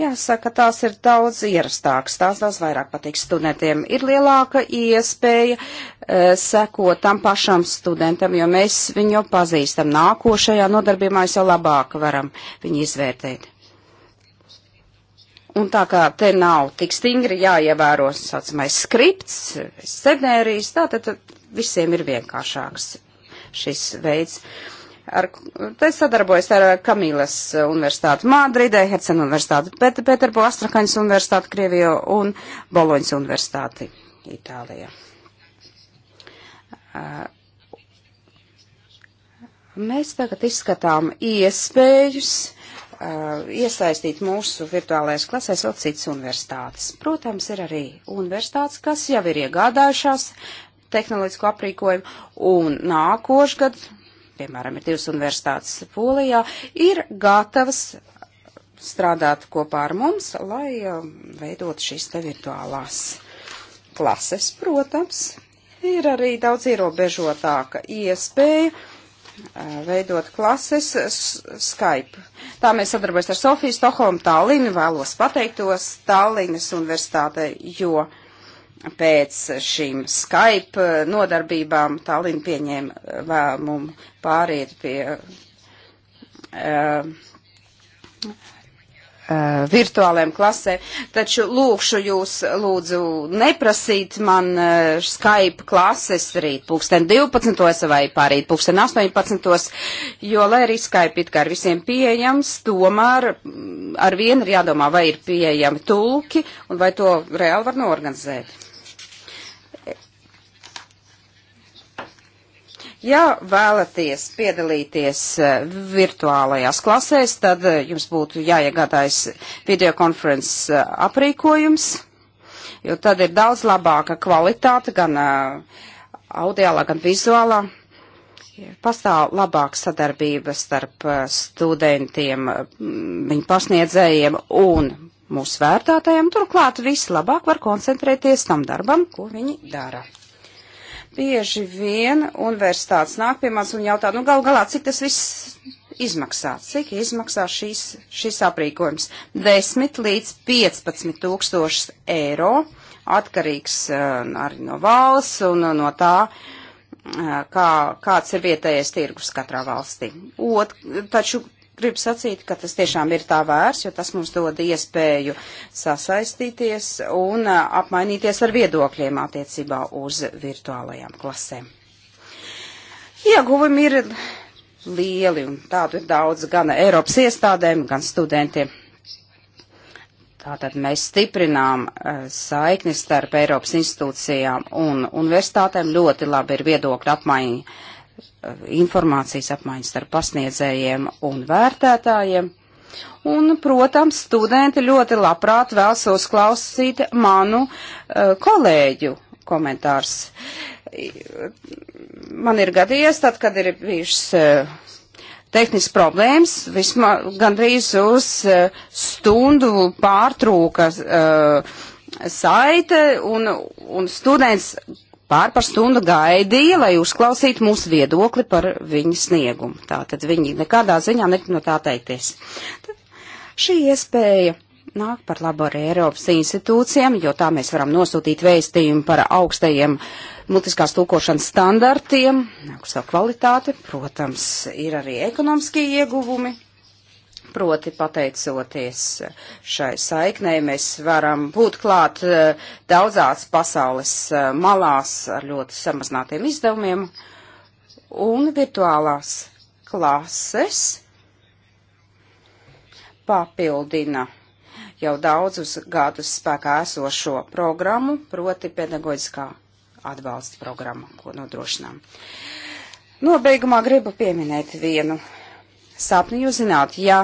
Jāsaka, tās ir daudz ierastākas, tās daudz vairāk patīk studentiem. Ir lielāka iespēja e, sekot tam pašam studentam, jo mēs viņu jau pazīstam. Nākošajā nodarbībā mēs jau labāk varam viņu izvērtēt. Un tā kā te nav tik stingri jāievēro, saucamais skripts, scenērijas, tā tad visiem ir vienkāršāks šis veids. Uh, Ar, te sadarbojas ar Kamīlas universitāti Madridē, Hercena universitāti Pet Peterbo, Astrakaņas universitāti Krievijā un Boloņas universitāti Itālijā. Mēs tagad izskatām iespējas iesaistīt mūsu virtuālajās klasēs vēl citas universitātes. Protams, ir arī universitātes, kas jau ir iegādājušās tehnoloģisko aprīkojumu, un nākošgad piemēram, ir divas universitātes Polijā, ir gatavas strādāt kopā ar mums, lai um, veidot šīs te virtuālās klases, protams. Ir arī daudz ierobežotāka iespēja uh, veidot klases Skype. Tā mēs sadarbojamies ar Sofiju Stokholmu Tallinu, vēlos pateiktos Tallinas universitātei, jo uh, pēc šīm Skype nodarbībām Tallinn pieņēma lēmumu pāriet pie uh, eh, uh, eh, virtuāliem klasē, taču lūkšu jūs, lūdzu, neprasīt man uh, Skype klases rīt pulksten 12. vai pārīt pulksten 18. jo, lai arī Skype it kā ir visiem pieejams, tomēr mm, ar vienu ir jādomā, vai ir pieejami tulki un vai to reāli var norganizēt. Ja vēlaties piedalīties eh, virtuālajās klasēs, tad eh, jums būtu jāiegādājas videokonferences eh, aprīkojums, jo tad ir daudz labāka kvalitāte gan audiālā, gan vizuālā. Pastāv labāka sadarbība starp studentiem, mm, viņu pasniedzējiem un mūsu vērtātajiem. Turklāt vislabāk var koncentrēties tam darbam, ko viņi dara. Bieži vien universitātes nāk pie manis un jautā, nu gal galā, cik tas viss izmaksā? Cik izmaksā šīs, šis aprīkojums? 10 līdz 15 tūkstoši eiro, atkarīgs uh, arī no valsts un eh, no tā, uh, kā, kāds ir vietējais tirgus katrā valstī. Ot, taču gribu sacīt, ka tas tiešām ir tā vērts, jo tas mums dod iespēju sasaistīties un apmainīties ar viedokļiem attiecībā uz virtuālajām klasēm. Ieguvumi ir lieli, un tādu ir daudz gan Eiropas iestādēm, gan studentiem. Tātad mēs stiprinām saiknis starp Eiropas institūcijām un universitātēm. Ļoti labi ir viedokļa apmaiņa informācijas apmaiņas starp pasniedzējiem un vērtētājiem. Un, protams, studenti ļoti labprāt vēlas uzklausīt manu uh, kolēģu komentārs. Man ir gadījies tad, kad ir bijušas uh, eh, tehnisks problēmas, vismaz gandrīz uz uh, stundu pārtrūka saite, un, un students pār par stundu gaidīja, lai uzklausītu mūsu viedokli par viņu sniegumu. Tātad viņi nekādā ziņā negrib no tā teikties. Tad šī iespēja nāk par labu arī Eiropas institūcijām, jo tā mēs varam nosūtīt vēstījumu par augstajiem mutiskās tūkošanas standartiem, augsto kvalitāti. Protams, ir arī ekonomiskie ieguvumi Proti, pateicoties šai saiknei, mēs varam būt klāt eh, daudzās pasaules eh, malās ar ļoti samazinātiem izdevumiem un virtuālās klases papildina jau daudzus gadus spēkā esošo programmu, proti pedagoģiskā atbalsta programma, ko nodrošinām. Nobeigumā gribu pieminēt vienu sapņu. Jūs zināt, ja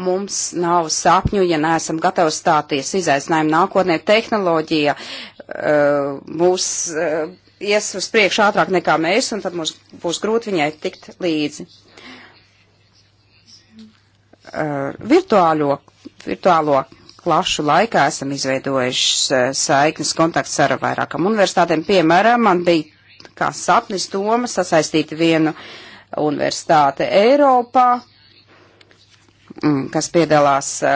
mums nav sapņu, ja neesam gatavi stāties izaicinājumu nākotnē, tehnoloģija uh, mūs uh, ies uz priekšu ātrāk nekā mēs, un tad mums būs grūti viņai tikt līdzi. Uh, virtuālo, virtuālo klašu laikā esam izveidojuši uh, saiknes kontakts ar vairākam universitātēm. Piemēram, man bija kā sapnis doma sasaistīt vienu universitāti Eiropā Mm, kas piedalās uh,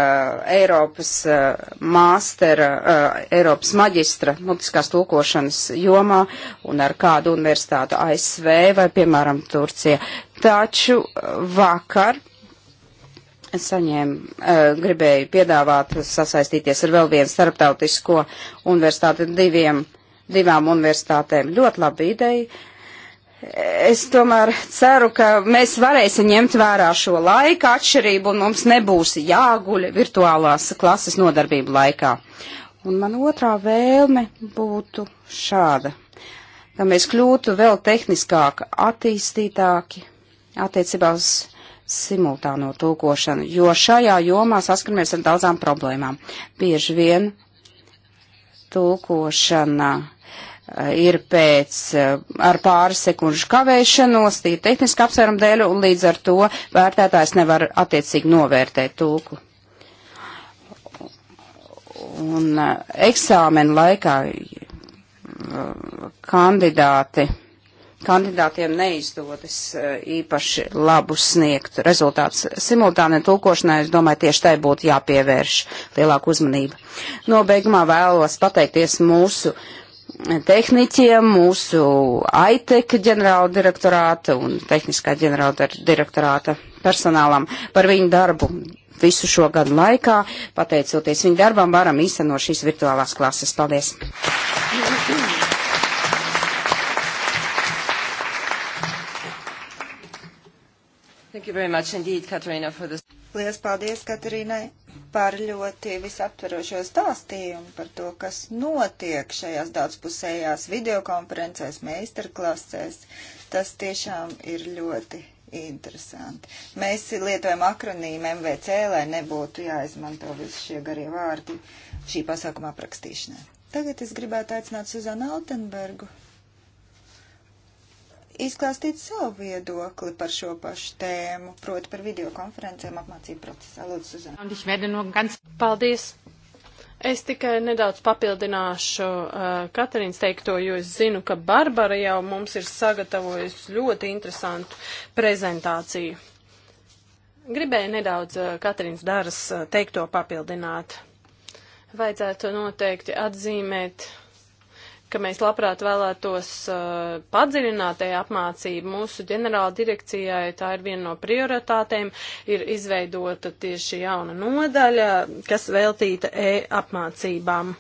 Eiropas uh, eh, māstera, uh, eh, Eiropas maģistra mutiskās tulkošanas jomā un ar kādu universitātu ASV vai, piemēram, Turcija. Taču vakar es saņēmu, uh, gribēju piedāvāt sasaistīties ar vēl vienu starptautisko universitāti diviem, divām universitātēm. Ļoti laba ideja. Uh, Es tomēr ceru, ka mēs varēsim ņemt vērā šo laika atšķirību un mums nebūs jāguļ virtuālās klases nodarbību laikā. Un man otrā vēlme būtu šāda, ka mēs kļūtu vēl tehniskāk attīstītāki attiecībā uz simultāno tūkošanu, jo šajā jomā saskaramies ar daudzām problēmām. Bieži vien tūkošana ir pēc eh, ar pāris sekundžu kavēšanos, tie tehniski apsvērumu dēļ, un līdz ar to vērtētājs nevar attiecīgi novērtēt tulku. Un eh, eksāmena laikā eh, kandidāti, kandidātiem neizdodas īpaši labu sniegt rezultātus. Simultāne tulkošanai, es domāju, tieši tai būtu jāpievērš lielāka uzmanība. Nobeigumā vēlos pateikties mūsu uh, tehniķiem, mūsu AITEK ģenerāla direktorāta un tehniskā ģenerāla direktorāta personālam par viņu darbu visu šo gadu laikā. Pateicoties viņu darbam, varam īstenot šīs virtuālās klases. Paldies! Indeed, Katarina, this... Lielas paldies, Katarīnai, par ļoti visaptverošo stāstījumu par to, kas notiek šajās daudzpusējās videokonferencēs, meistarklasēs. Tas tiešām ir ļoti interesanti. Mēs lietojam akronīmu MVC, lai nebūtu jāizmanto visi šie garie vārdi šī pasākuma aprakstīšanai. Tagad es gribētu aicināt Suzanu Altenbergu izklāstīt savu viedokli par šo pašu tēmu, proti par videokonferencēm apmācību procesā. Lūdzu, Suzana. Paldies! Es tikai nedaudz papildināšu uh, Katarīnas teikto, jo es zinu, ka Barbara jau mums ir sagatavojusi ļoti interesantu prezentāciju. Gribēju nedaudz uh, Katarīnas Dāras uh, teikto papildināt. Vajadzētu noteikti atzīmēt uh, ka mēs labprāt vēlētos uh, padziļināt apmācību mūsu ģenerāla direkcijai. Tā ir viena no prioritātēm. Ir izveidota tieši jauna nodaļa, kas veltīta e-apmācībām.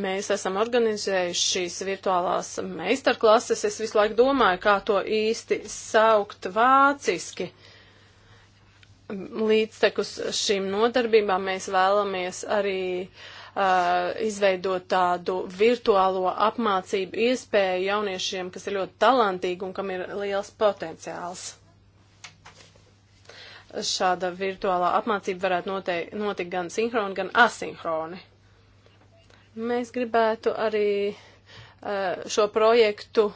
Mēs esam organizējuši šīs virtuālās meistarklases. Es visu laiku domāju, kā to īsti saukt vāciski. Līdztekus šīm nodarbībām mēs vēlamies arī uh, Uh, izveidot tādu virtuālo apmācību iespēju jauniešiem, kas ir ļoti talantīgi un kam ir liels potenciāls. Šāda virtuālā apmācība varētu notikt gan sinhroni, gan asinhroni. Mēs gribētu arī uh, šo projektu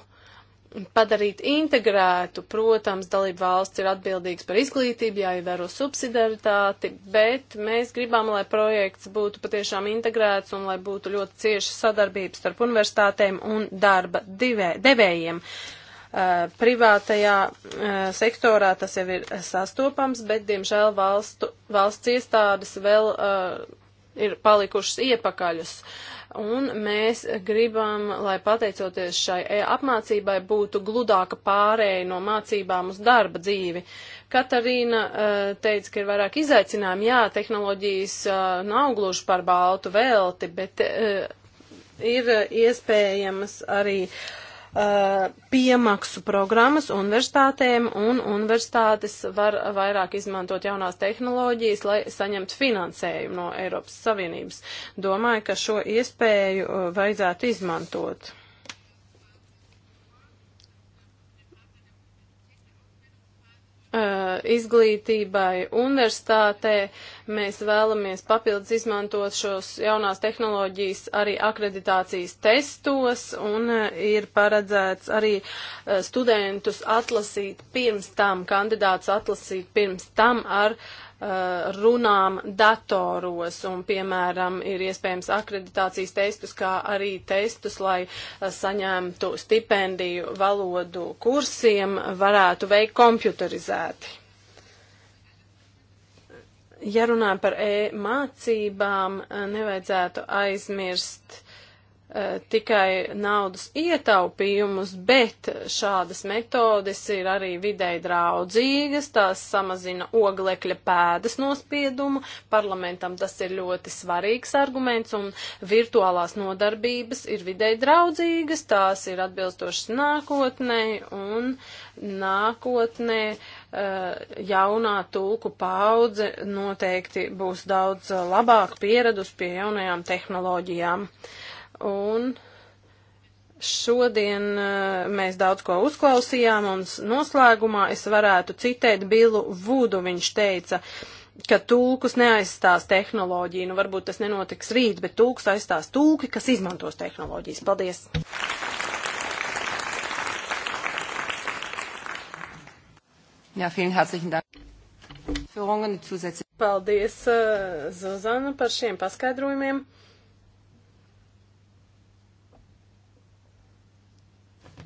padarīt integrētu. Protams, dalība valsts ir atbildīgs par izglītību, jāievēro subsidiaritāti, bet mēs gribam, lai projekts būtu patiešām integrēts un lai būtu ļoti cieša sadarbības starp universitātēm un darba divē, devējiem. Uh, privātajā uh, sektorā tas jau ir sastopams, bet, diemžēl, valstu, valsts iestādes vēl uh, ir palikušas iepakaļus. Uh, un mēs gribam, lai pateicoties šai e apmācībai būtu gludāka pārēja no mācībām uz darba dzīvi. Katarīna uh, teica, ka ir vairāk izaicinājumi. Jā, tehnoloģijas uh, nav gluži par baltu velti, bet uh, ir iespējamas arī uh, Uh, piemaksu programmas universitātēm, un universitātes var vairāk izmantot jaunās tehnoloģijas, lai saņemtu finansējumu no Eiropas Savienības. Domāju, ka šo iespēju uh, vajadzētu izmantot. Uh, izglītībai, universitātē. Mēs vēlamies papildus izmantot šos jaunās tehnoloģijas arī akreditācijas testos un uh, ir paredzēts arī uh, studentus atlasīt pirms tam, kandidātus atlasīt pirms tam ar uh, Uh, runām datoros un, piemēram, ir iespējams akreditācijas testus, kā arī testus, lai uh, saņemtu stipendiju valodu kursiem, varētu veikt kompjuterizēti. Ja runājam par e-mācībām, uh, nevajadzētu aizmirst E, tikai naudas ietaupījumus, bet šādas metodes ir arī videi draudzīgas, tās samazina oglekļa pēdas nospiedumu, parlamentam tas ir ļoti svarīgs arguments, un virtuālās nodarbības ir videi draudzīgas, tās ir atbilstošas nākotnē, un nākotnē e, jaunā tulku paudze noteikti būs daudz labāk pieredus pie jaunajām tehnoloģijām. Uh, Un šodien eh, mēs daudz ko uzklausījām, un noslēgumā es varētu citēt Bilu Vudu. Viņš teica, ka tulkus neaizstās tehnoloģija. Nu, varbūt tas nenotiks rīt, bet tulks aizstās tulki, kas izmantos tehnoloģijas. Paldies! Jā, vielen herzlichen Dank. Paldies, eh, Zuzana, par šiem paskaidrojumiem.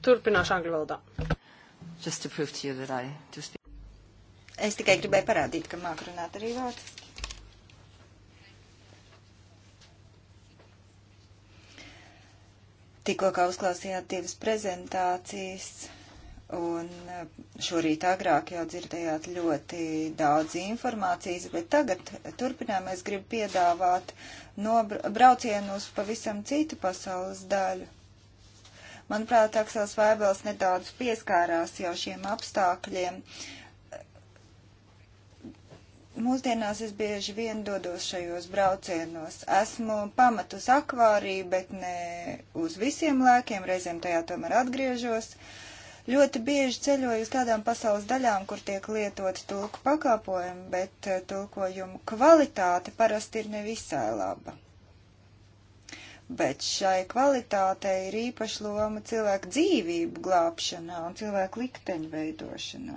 Turpināšu angļu valodā. Just to prove to you that I do speak. Es tikai gribēju parādīt, ka māku runāt arī vārdiski. Tikko kā uzklausījāt divas prezentācijas, un eh, šorīt agrāk jau dzirdējāt ļoti daudz informācijas, bet tagad eh, turpinājumā es gribu piedāvāt no braucienu uz pavisam citu pasaules daļu. Manuprāt, Aksels Vaibels nedaudz pieskārās jau šiem apstākļiem. Mūsdienās es bieži vien dodos šajos braucienos. Esmu pamat uz akvāriju, bet ne uz visiem lēkiem, reizēm tajā tomēr atgriežos. Ļoti bieži ceļoju uz tādām pasaules daļām, kur tiek lietoti tulku pakalpojumi, bet eh, tulkojumu kvalitāte parasti ir nevisai laba bet šai kvalitātei ir īpaša loma cilvēku dzīvību glābšanā un cilvēku likteņu veidošanā.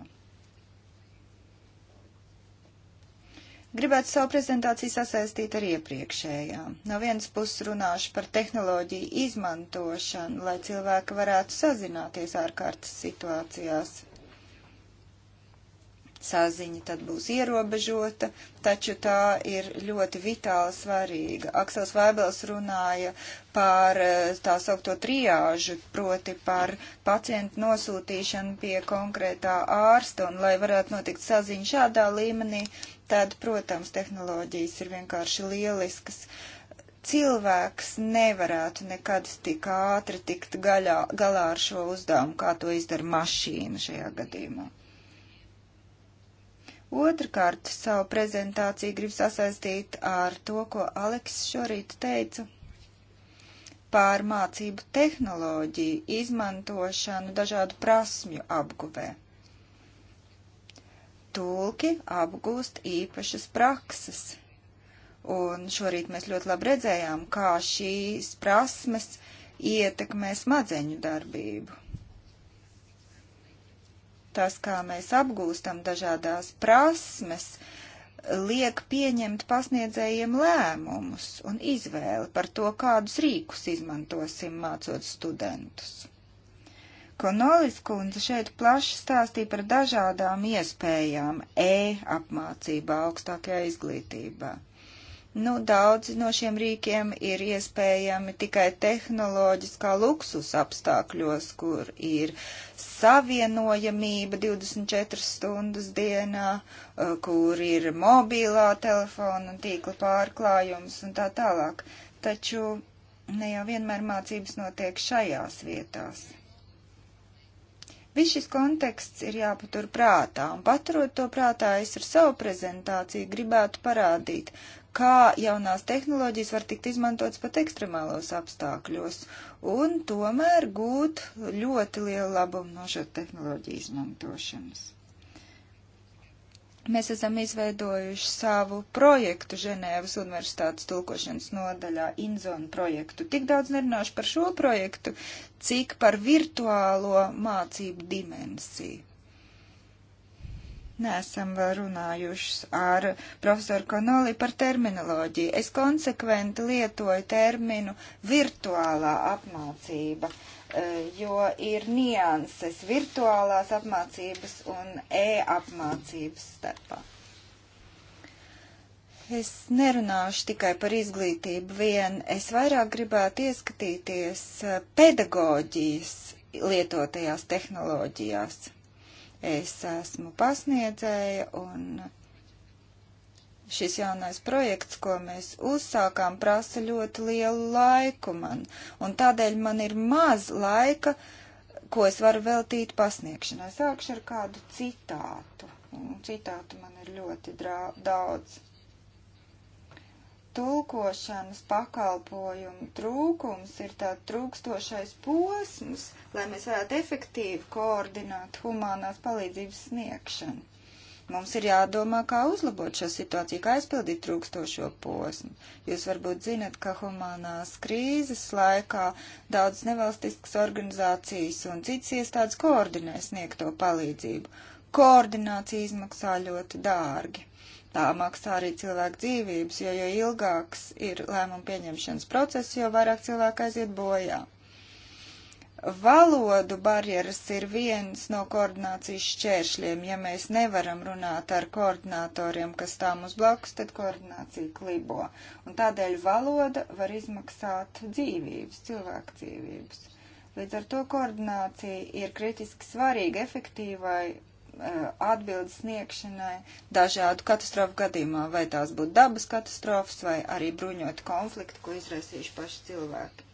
Gribētu savu prezentāciju sasaistīt ar iepriekšējām. No vienas puses runāšu par tehnoloģiju izmantošanu, lai cilvēki varētu sazināties ārkārtas situācijās saziņa tad būs ierobežota, taču tā ir ļoti vitāli svarīga. Aksels Vēbels runāja par eh, tā saukto triāžu, proti par pacientu nosūtīšanu pie konkrētā ārsta, un lai varētu notikt saziņa šādā līmenī, tad, protams, tehnoloģijas ir vienkārši lieliskas. Cilvēks nevarētu nekad tik ātri tikt gaļā, galā ar šo uzdevumu, kā to izdara mašīna šajā gadījumā. Otrakārt, savu prezentāciju gribu sasaistīt ar to, ko Aleks šorīt teica par mācību tehnoloģiju izmantošanu dažādu prasmju apguvē. Tulki apgūst īpašas prakses, un šorīt mēs ļoti labi redzējām, kā šīs prasmes ietekmē smadzeņu darbību. Tas, kā mēs apgūstam dažādās prasmes, liek pieņemt pasniedzējiem lēmumus un izvēli par to, kādus rīkus izmantosim mācot studentus. Konolis kundze šeit plaši stāstīja par dažādām iespējām e-apmācībā augstākajā izglītībā. Nu, daudzi no šiem rīkiem ir iespējami tikai tehnoloģiskā luksusa apstākļos, kur ir savienojamība 24 stundas dienā, eh, kur ir mobilā telefona un tīkla pārklājums un tā tālāk. Taču ne jau vienmēr mācības notiek šajās vietās. Viss šis konteksts ir jāpatur prātā, un paturot to prātā, es ar savu prezentāciju gribētu parādīt, kā jaunās tehnoloģijas var tikt izmantotas pat ekstremālos apstākļos un tomēr gūt ļoti lielu labumu no šo tehnoloģiju izmantošanas. Mēs esam izveidojuši savu projektu Ženēvas universitātes tulkošanas nodaļā Inzona projektu. Tik daudz nerunāšu par šo projektu, cik par virtuālo mācību dimensiju. Nesam vēl runājuši ar profesoru Konoli par terminoloģiju. Es konsekventi lietoju terminu virtuālā apmācība, e, jo ir nianses virtuālās apmācības un e-apmācības starpā. Es nerunāšu tikai par izglītību vien, es vairāk gribētu ieskatīties e, pedagoģijas lietotajās tehnoloģijās Es esmu pasniedzēja un šis jaunais projekts, ko mēs uzsākām, prasa ļoti lielu laiku man. Un tādēļ man ir maz laika, ko es varu veltīt pasniegšanai. Sākšu ar kādu citātu. Un citātu man ir ļoti drā, daudz tulkošanas pakalpojumu trūkums ir tāds trūkstošais posms, lai mēs varētu efektīvi koordinēt humanās palīdzības sniegšanu. Mums ir jādomā, kā uzlabot šo situāciju, kā aizpildīt trūkstošo posmu. Jūs varbūt zinat, ka humanās krīzes laikā daudz nevalstiskas organizācijas un citas iestādes koordinē sniegto palīdzību. Koordinācija izmaksā ļoti dārgi Tā maksā arī cilvēku dzīvības, jo jo ilgāks ir lēmumu pieņemšanas process, jo vairāk cilvēku aiziet bojā. Valodu barjeras ir viens no koordinācijas šķēršļiem. Ja mēs nevaram runāt ar koordinatoriem, kas stāv mums blakus, tad koordinācija klibo. Un tādēļ valoda var izmaksāt dzīvības, cilvēku dzīvības. Līdz ar to koordinācija ir kritiski svarīga efektīvai Eh, atbildes sniegšanai dažādu katastrofu gadījumā, vai tās būtu dabas katastrofas, vai arī bruņot konfliktu, ko izraisījuši paši cilvēki.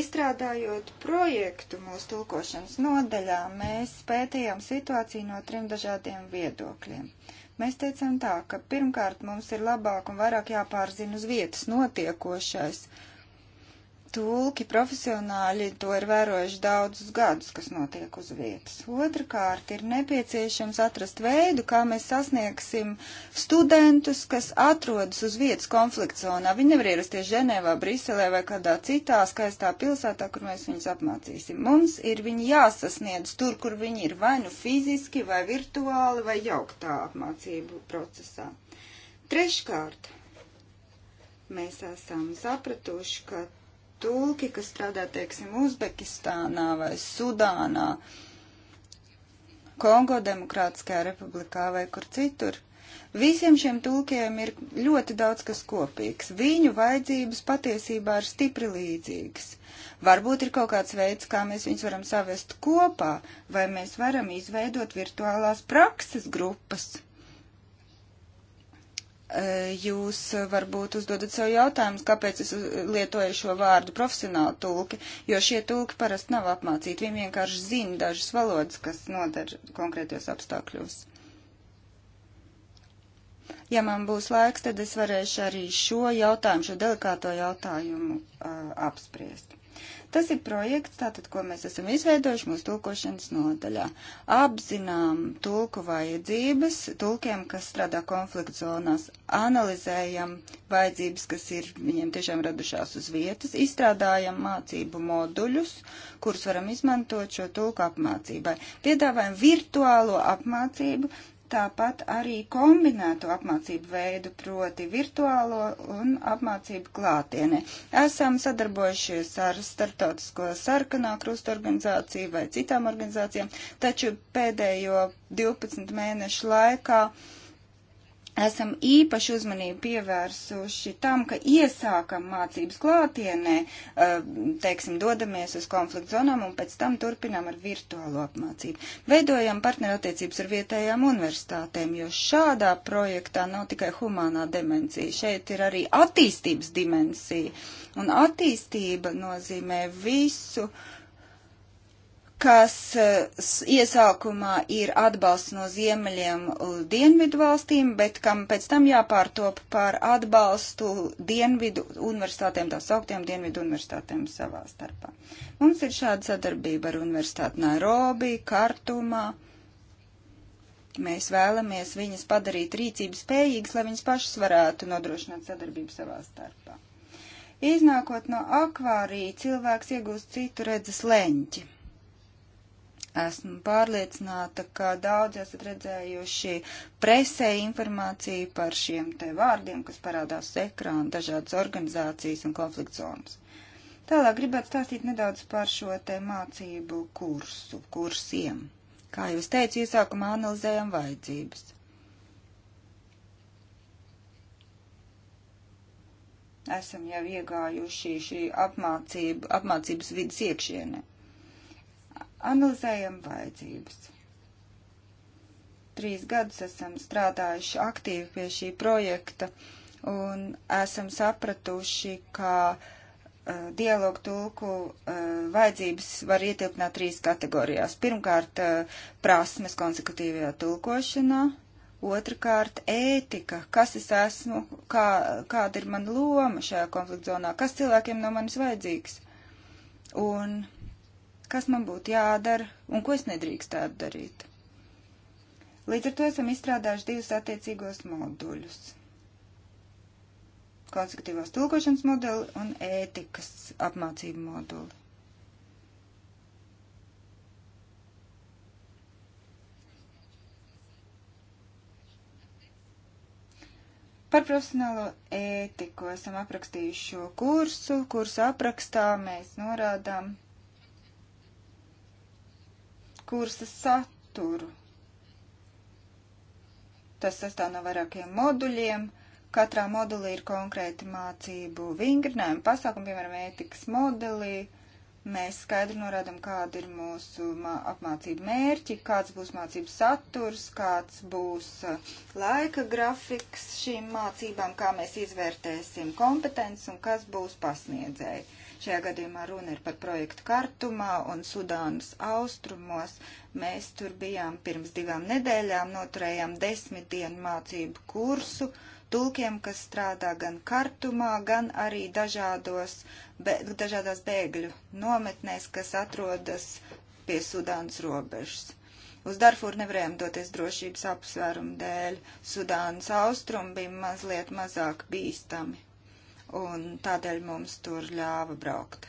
Izstrādājot projektu mūsu tulkošanas nodaļā, mēs pētījām situāciju no trim dažādiem viedokļiem. Mēs teicām tā, ka pirmkārt mums ir labāk un vairāk jāpārzina uz vietas notiekošais, uh, tulki profesionāļi to ir vērojuši daudzus gadus, kas notiek uz vietas. Otrakārt, ir nepieciešams atrast veidu, kā mēs sasniegsim studentus, kas atrodas uz vietas konflikta zonā. Viņi nevar ierasties Ženēvā, Briselē vai kādā citā skaistā pilsētā, kur mēs viņus apmācīsim. Mums ir viņi jāsasniedz tur, kur viņi ir vai nu fiziski, vai virtuāli, vai jauktā apmācību procesā. Treškārt, mēs esam sapratuši, ka tulki, kas strādā, teiksim, Uzbekistānā vai Sudānā, Kongo Demokrātiskajā republikā vai kur citur. Visiem šiem tulkiem ir ļoti daudz kas kopīgs. Viņu vajadzības patiesībā ir stipri līdzīgas. Varbūt ir kaut kāds veids, kā mēs viņus varam savest kopā, vai mēs varam izveidot virtuālās prakses grupas. E, jūs varbūt uzdodat sev jautājumus, kāpēc es lietoju šo vārdu profesionāli tulki, jo šie tulki parasti nav apmācīti, viņi vienkārši zina dažas valodas, kas noder konkrētos apstākļos. Ja man būs laiks, tad es varēšu arī šo jautājumu, šo delikāto jautājumu uh, apspriest. Tas ir projekts, tātad, ko mēs esam izveidojuši mūsu tulkošanas nodaļā. Apzinām tulku vajadzības, tulkiem, kas strādā konflikta zonās, analizējam vajadzības, kas ir viņiem tiešām radušās uz vietas, izstrādājam mācību moduļus, kurus varam izmantot šo tulku apmācībai. Piedāvājam virtuālo apmācību, tāpat arī kombinēto apmācību veidu, proti virtuālo un apmācību klātienē. Esam sadarbojušies ar Startautisko sarkanā krusta organizāciju vai citām organizācijām, taču pēdējo 12 mēnešu laikā uh, esam īpaši uzmanību pievērsuši tam, ka iesākam mācības klātienē, eh, teiksim, dodamies uz konfliktu zonām un pēc tam turpinām ar virtuālo apmācību. Veidojam partnerattiecības ar vietējām universitātēm, jo šādā projektā nav tikai humānā dimensija, šeit ir arī attīstības dimensija. Un attīstība nozīmē visu uh, kas eh, iesākumā ir atbalsts no ziemeļiem dienvidu valstīm, bet kam pēc tam jāpārtop par atbalstu dienvidu universitātēm, tās augtiem dienvidu universitātēm savā starpā. Mums ir šāda sadarbība ar universitāti Nairobi, Kartumā. Mēs vēlamies viņas padarīt rīcības spējīgas, lai viņas pašas varētu nodrošināt sadarbību savā starpā. Iznākot no akvārija, cilvēks iegūst citu redzes leņķi. Esmu pārliecināta, ka daudz esat redzējuši presē informāciju par šiem te vārdiem, kas parādās ekrāna dažādas organizācijas un konflikt zonas. Tālāk gribētu stāstīt nedaudz par šo te mācību kursu, kursiem. Kā jau es teicu, iesākumā analizējam vajadzības. Esam jau iegājuši šī apmācība, apmācības vidas iekšienē. Analizējam vajadzības. Trīs gadus esam strādājuši aktīvi pie šī projekta un esam sapratuši, ka uh, dialogu tulku uh, vajadzības var ietilpināt trīs kategorijās. Pirmkārt, uh, prasmes konsekutīvajā tulkošanā, Otrakārt, ētika. Kas es esmu, kā, kāda ir mana loma šajā konflikta zonā, kas cilvēkiem no manis vajadzīgs. Un kas man būtu jādara un ko es nedrīkstētu darīt. Līdz ar to esam izstrādājuši divus attiecīgos moduļus - konsekvatīvās tulkošanas moduli un ētikas apmācību moduli. Par profesionālo ētiku esam aprakstījuši šo kursu. Kursu aprakstā mēs norādām, kursa saturu. Tas sastāv no vairākiem moduļiem. Katrā modulī ir konkrēti mācību vingrinājumi, pasākumi, piemēram, ētikas modelī. Mēs skaidri norādām, kāda ir mūsu apmācība mērķi, kāds būs mācības saturs, kāds būs uh, laika grafiks šīm mācībām, kā mēs izvērtēsim kompetences un kas būs pasniedzēji. Šajā gadījumā runa ir par projektu kartumā un Sudānas austrumos. Mēs tur bijām pirms divām nedēļām, noturējām desmit dienu mācību kursu tulkiem, kas strādā gan kartumā, gan arī dažādos, be, dažādās bēgļu nometnēs, kas atrodas pie Sudānas robežas. Uz Darfūru nevarējām doties drošības apsvērumu dēļ. Sudānas austrumi bija mazliet mazāk bīstami un tādēļ mums tur ļāva braukt.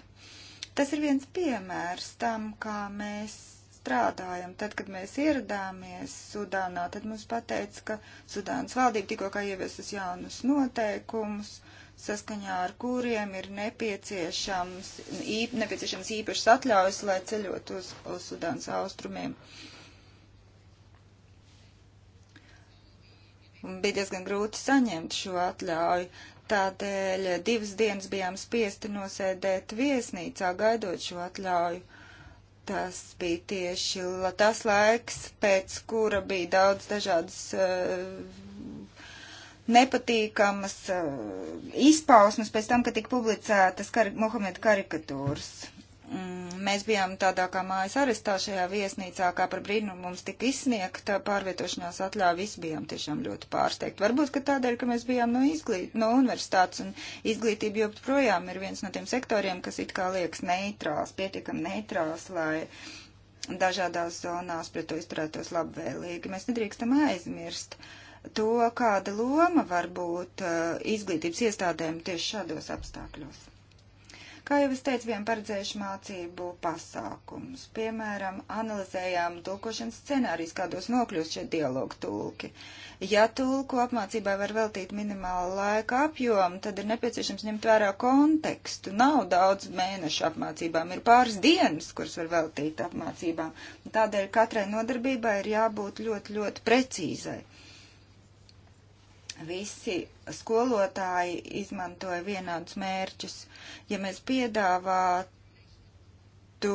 Tas ir viens piemērs tam, kā mēs strādājam. Tad, kad mēs ieradāmies Sudānā, tad mums pateica, ka Sudānas valdība tikko kā ieviesus jaunus noteikumus, saskaņā ar kuriem ir nepieciešams, īp, nepieciešams īpašs atļaujas, lai ceļot uz, uz Sudānas austrumiem. Un bija diezgan grūti saņemt šo atļauju. Tādēļ divas dienas bijām spiesti nosēdēt viesnīcā, gaidot šo atļauju. Tas bija tieši tas laiks, pēc kura bija daudz dažādas uh, nepatīkamas uh, izpausmes pēc tam, kad tika publicētas kar Mohameda karikatūras. Mm, mēs bijām tādā kā mājas arestā šajā viesnīcā, kā par brīnumu mums tika izsniegta pārvietošanās atļauja. Visi bijām tiešām ļoti pārsteigti. Varbūt, ka tādēļ, ka mēs bijām no, izglīt, no universitātes un izglītība joprojām ir viens no tiem sektoriem, kas it kā liekas neitrāls, pietiekami neitrāls, lai dažādās zonās pret to izturētos labvēlīgi. Mēs nedrīkstam aizmirst to, kāda loma var būt uh, izglītības iestādēm tieši šādos apstākļos. Kā jau es teicu, bijām paredzējuši mācību pasākumus. Piemēram, analizējām tulkošanas scenārijus, kādos nokļūst šie dialogu tulki. Ja tulku apmācībai var veltīt minimālu laika apjomu, tad ir nepieciešams ņemt vērā kontekstu. Nav daudz mēnešu apmācībām, ir pāris dienas, kuras var veltīt apmācībām. Tādēļ katrai nodarbībai ir jābūt ļoti, ļoti precīzai visi skolotāji izmantoja vienādus mērķus. Ja mēs piedāvātu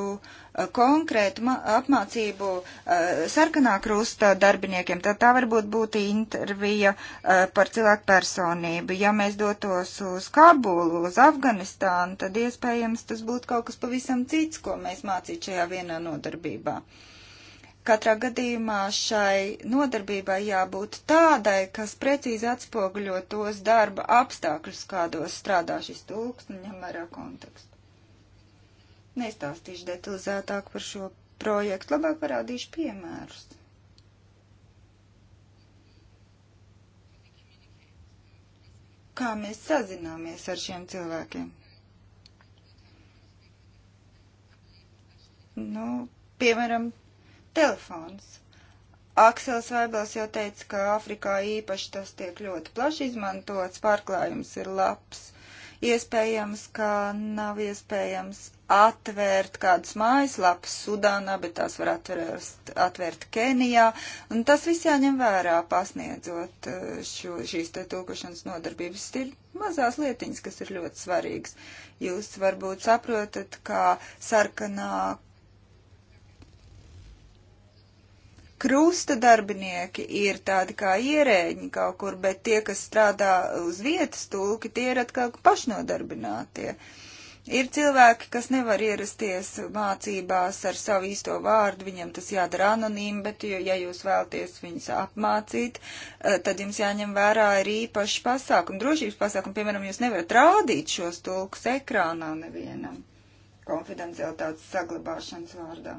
uh, konkrētu apmācību uh, sarkanā krusta darbiniekiem, tad tā varbūt būtu intervija uh, par cilvēku personību. Ja mēs dotos uz Kabulu, uz Afganistānu, tad iespējams tas būtu kaut kas pavisam cits, ko mēs mācītu šajā vienā nodarbībā. Uh, Katrā gadījumā šai nodarbībai jābūt tādai, kas precīzi atspoguļo tos darba apstākļus, kādos strādā šis tulks, un ņem vērā kontekstu. Nestāstīšu detalizētāk par šo projektu, labāk parādīšu piemērus. Kā mēs sazināmies ar šiem cilvēkiem? Nu, piemēram, Telefons. Aksels Vēbels jau teica, ka Āfrikā īpaši tas tiek ļoti plaši izmantots, pārklājums ir labs. Iespējams, ka nav iespējams atvērt kādus mājaslapus Sudānā, bet tās var atvērt, atvērt Kenijā. Un tas viss jāņem vērā, pasniedzot eh, šo, šīs te tulkošanas nodarbības. Ir mazās lietiņas, kas ir ļoti svarīgas. Jūs varbūt saprotat, kā sarkanā krusta darbinieki ir tādi kā ierēģi kaut kur, bet tie, kas strādā uz vietas tulki, tie ir atkal pašnodarbinātie. Ir cilvēki, kas nevar ierasties mācībās ar savu īsto vārdu, viņam tas jādara anonīmi, bet, ja jūs vēlaties viņus apmācīt, eh, tad jums jāņem vērā ir īpaši pasākumi, drošības pasākumi. Piemēram, jūs nevarat rādīt šos tulkus ekrānā nevienam konfidencialitātes saglabāšanas vārdā.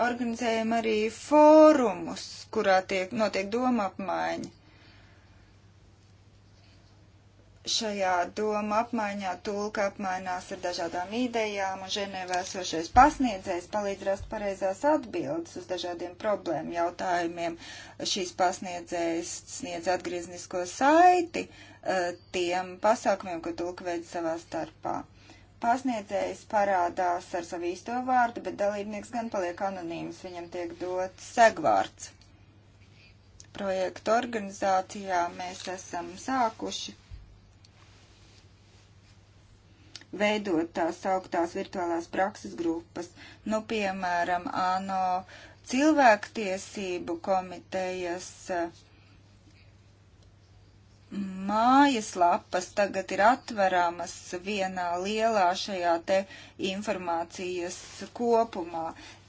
organizējam arī fórumus, kurā tiek, notiek doma apmaiņa. Šajā doma apmaiņā tulka apmainās ar dažādām idejām, un Ženēvā esošais pasniedzējs palīdz rast pareizās atbildes uz dažādiem problēmu jautājumiem. Šīs pasniedzējas sniedz atgrieznisko saiti eh, tiem pasākumiem, ko tulka veids savā starpā pasniedzējs parādās ar savu īsto vārdu, bet dalībnieks gan paliek anonīms, viņam tiek dots segvārds. Projektu organizācijā mēs esam sākuši veidot tās augtās virtuālās prakses grupas, nu, piemēram, ANO cilvēktiesību komitejas uh, mājaslapas tagad ir atveramas vienā lielā šajā te informācijas kopumā.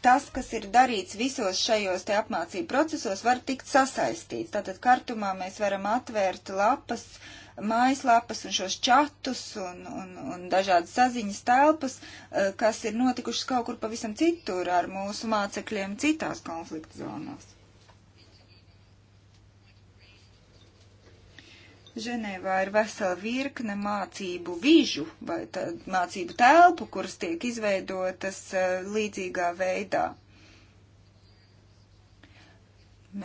Tas, kas ir darīts visos šajos te apmācību procesos, var tikt sasaistīts. Tātad kartumā mēs varam atvērt lapas, mājaslapas un šos čatus un, un, un dažādas saziņas telpas, eh, kas ir notikušas kaut kur pavisam citur ar mūsu mācekļiem citās konflikta zonās. Ženēvā ir vesela virkne mācību vīžu vai tā, mācību telpu, kuras tiek izveidotas e, līdzīgā veidā.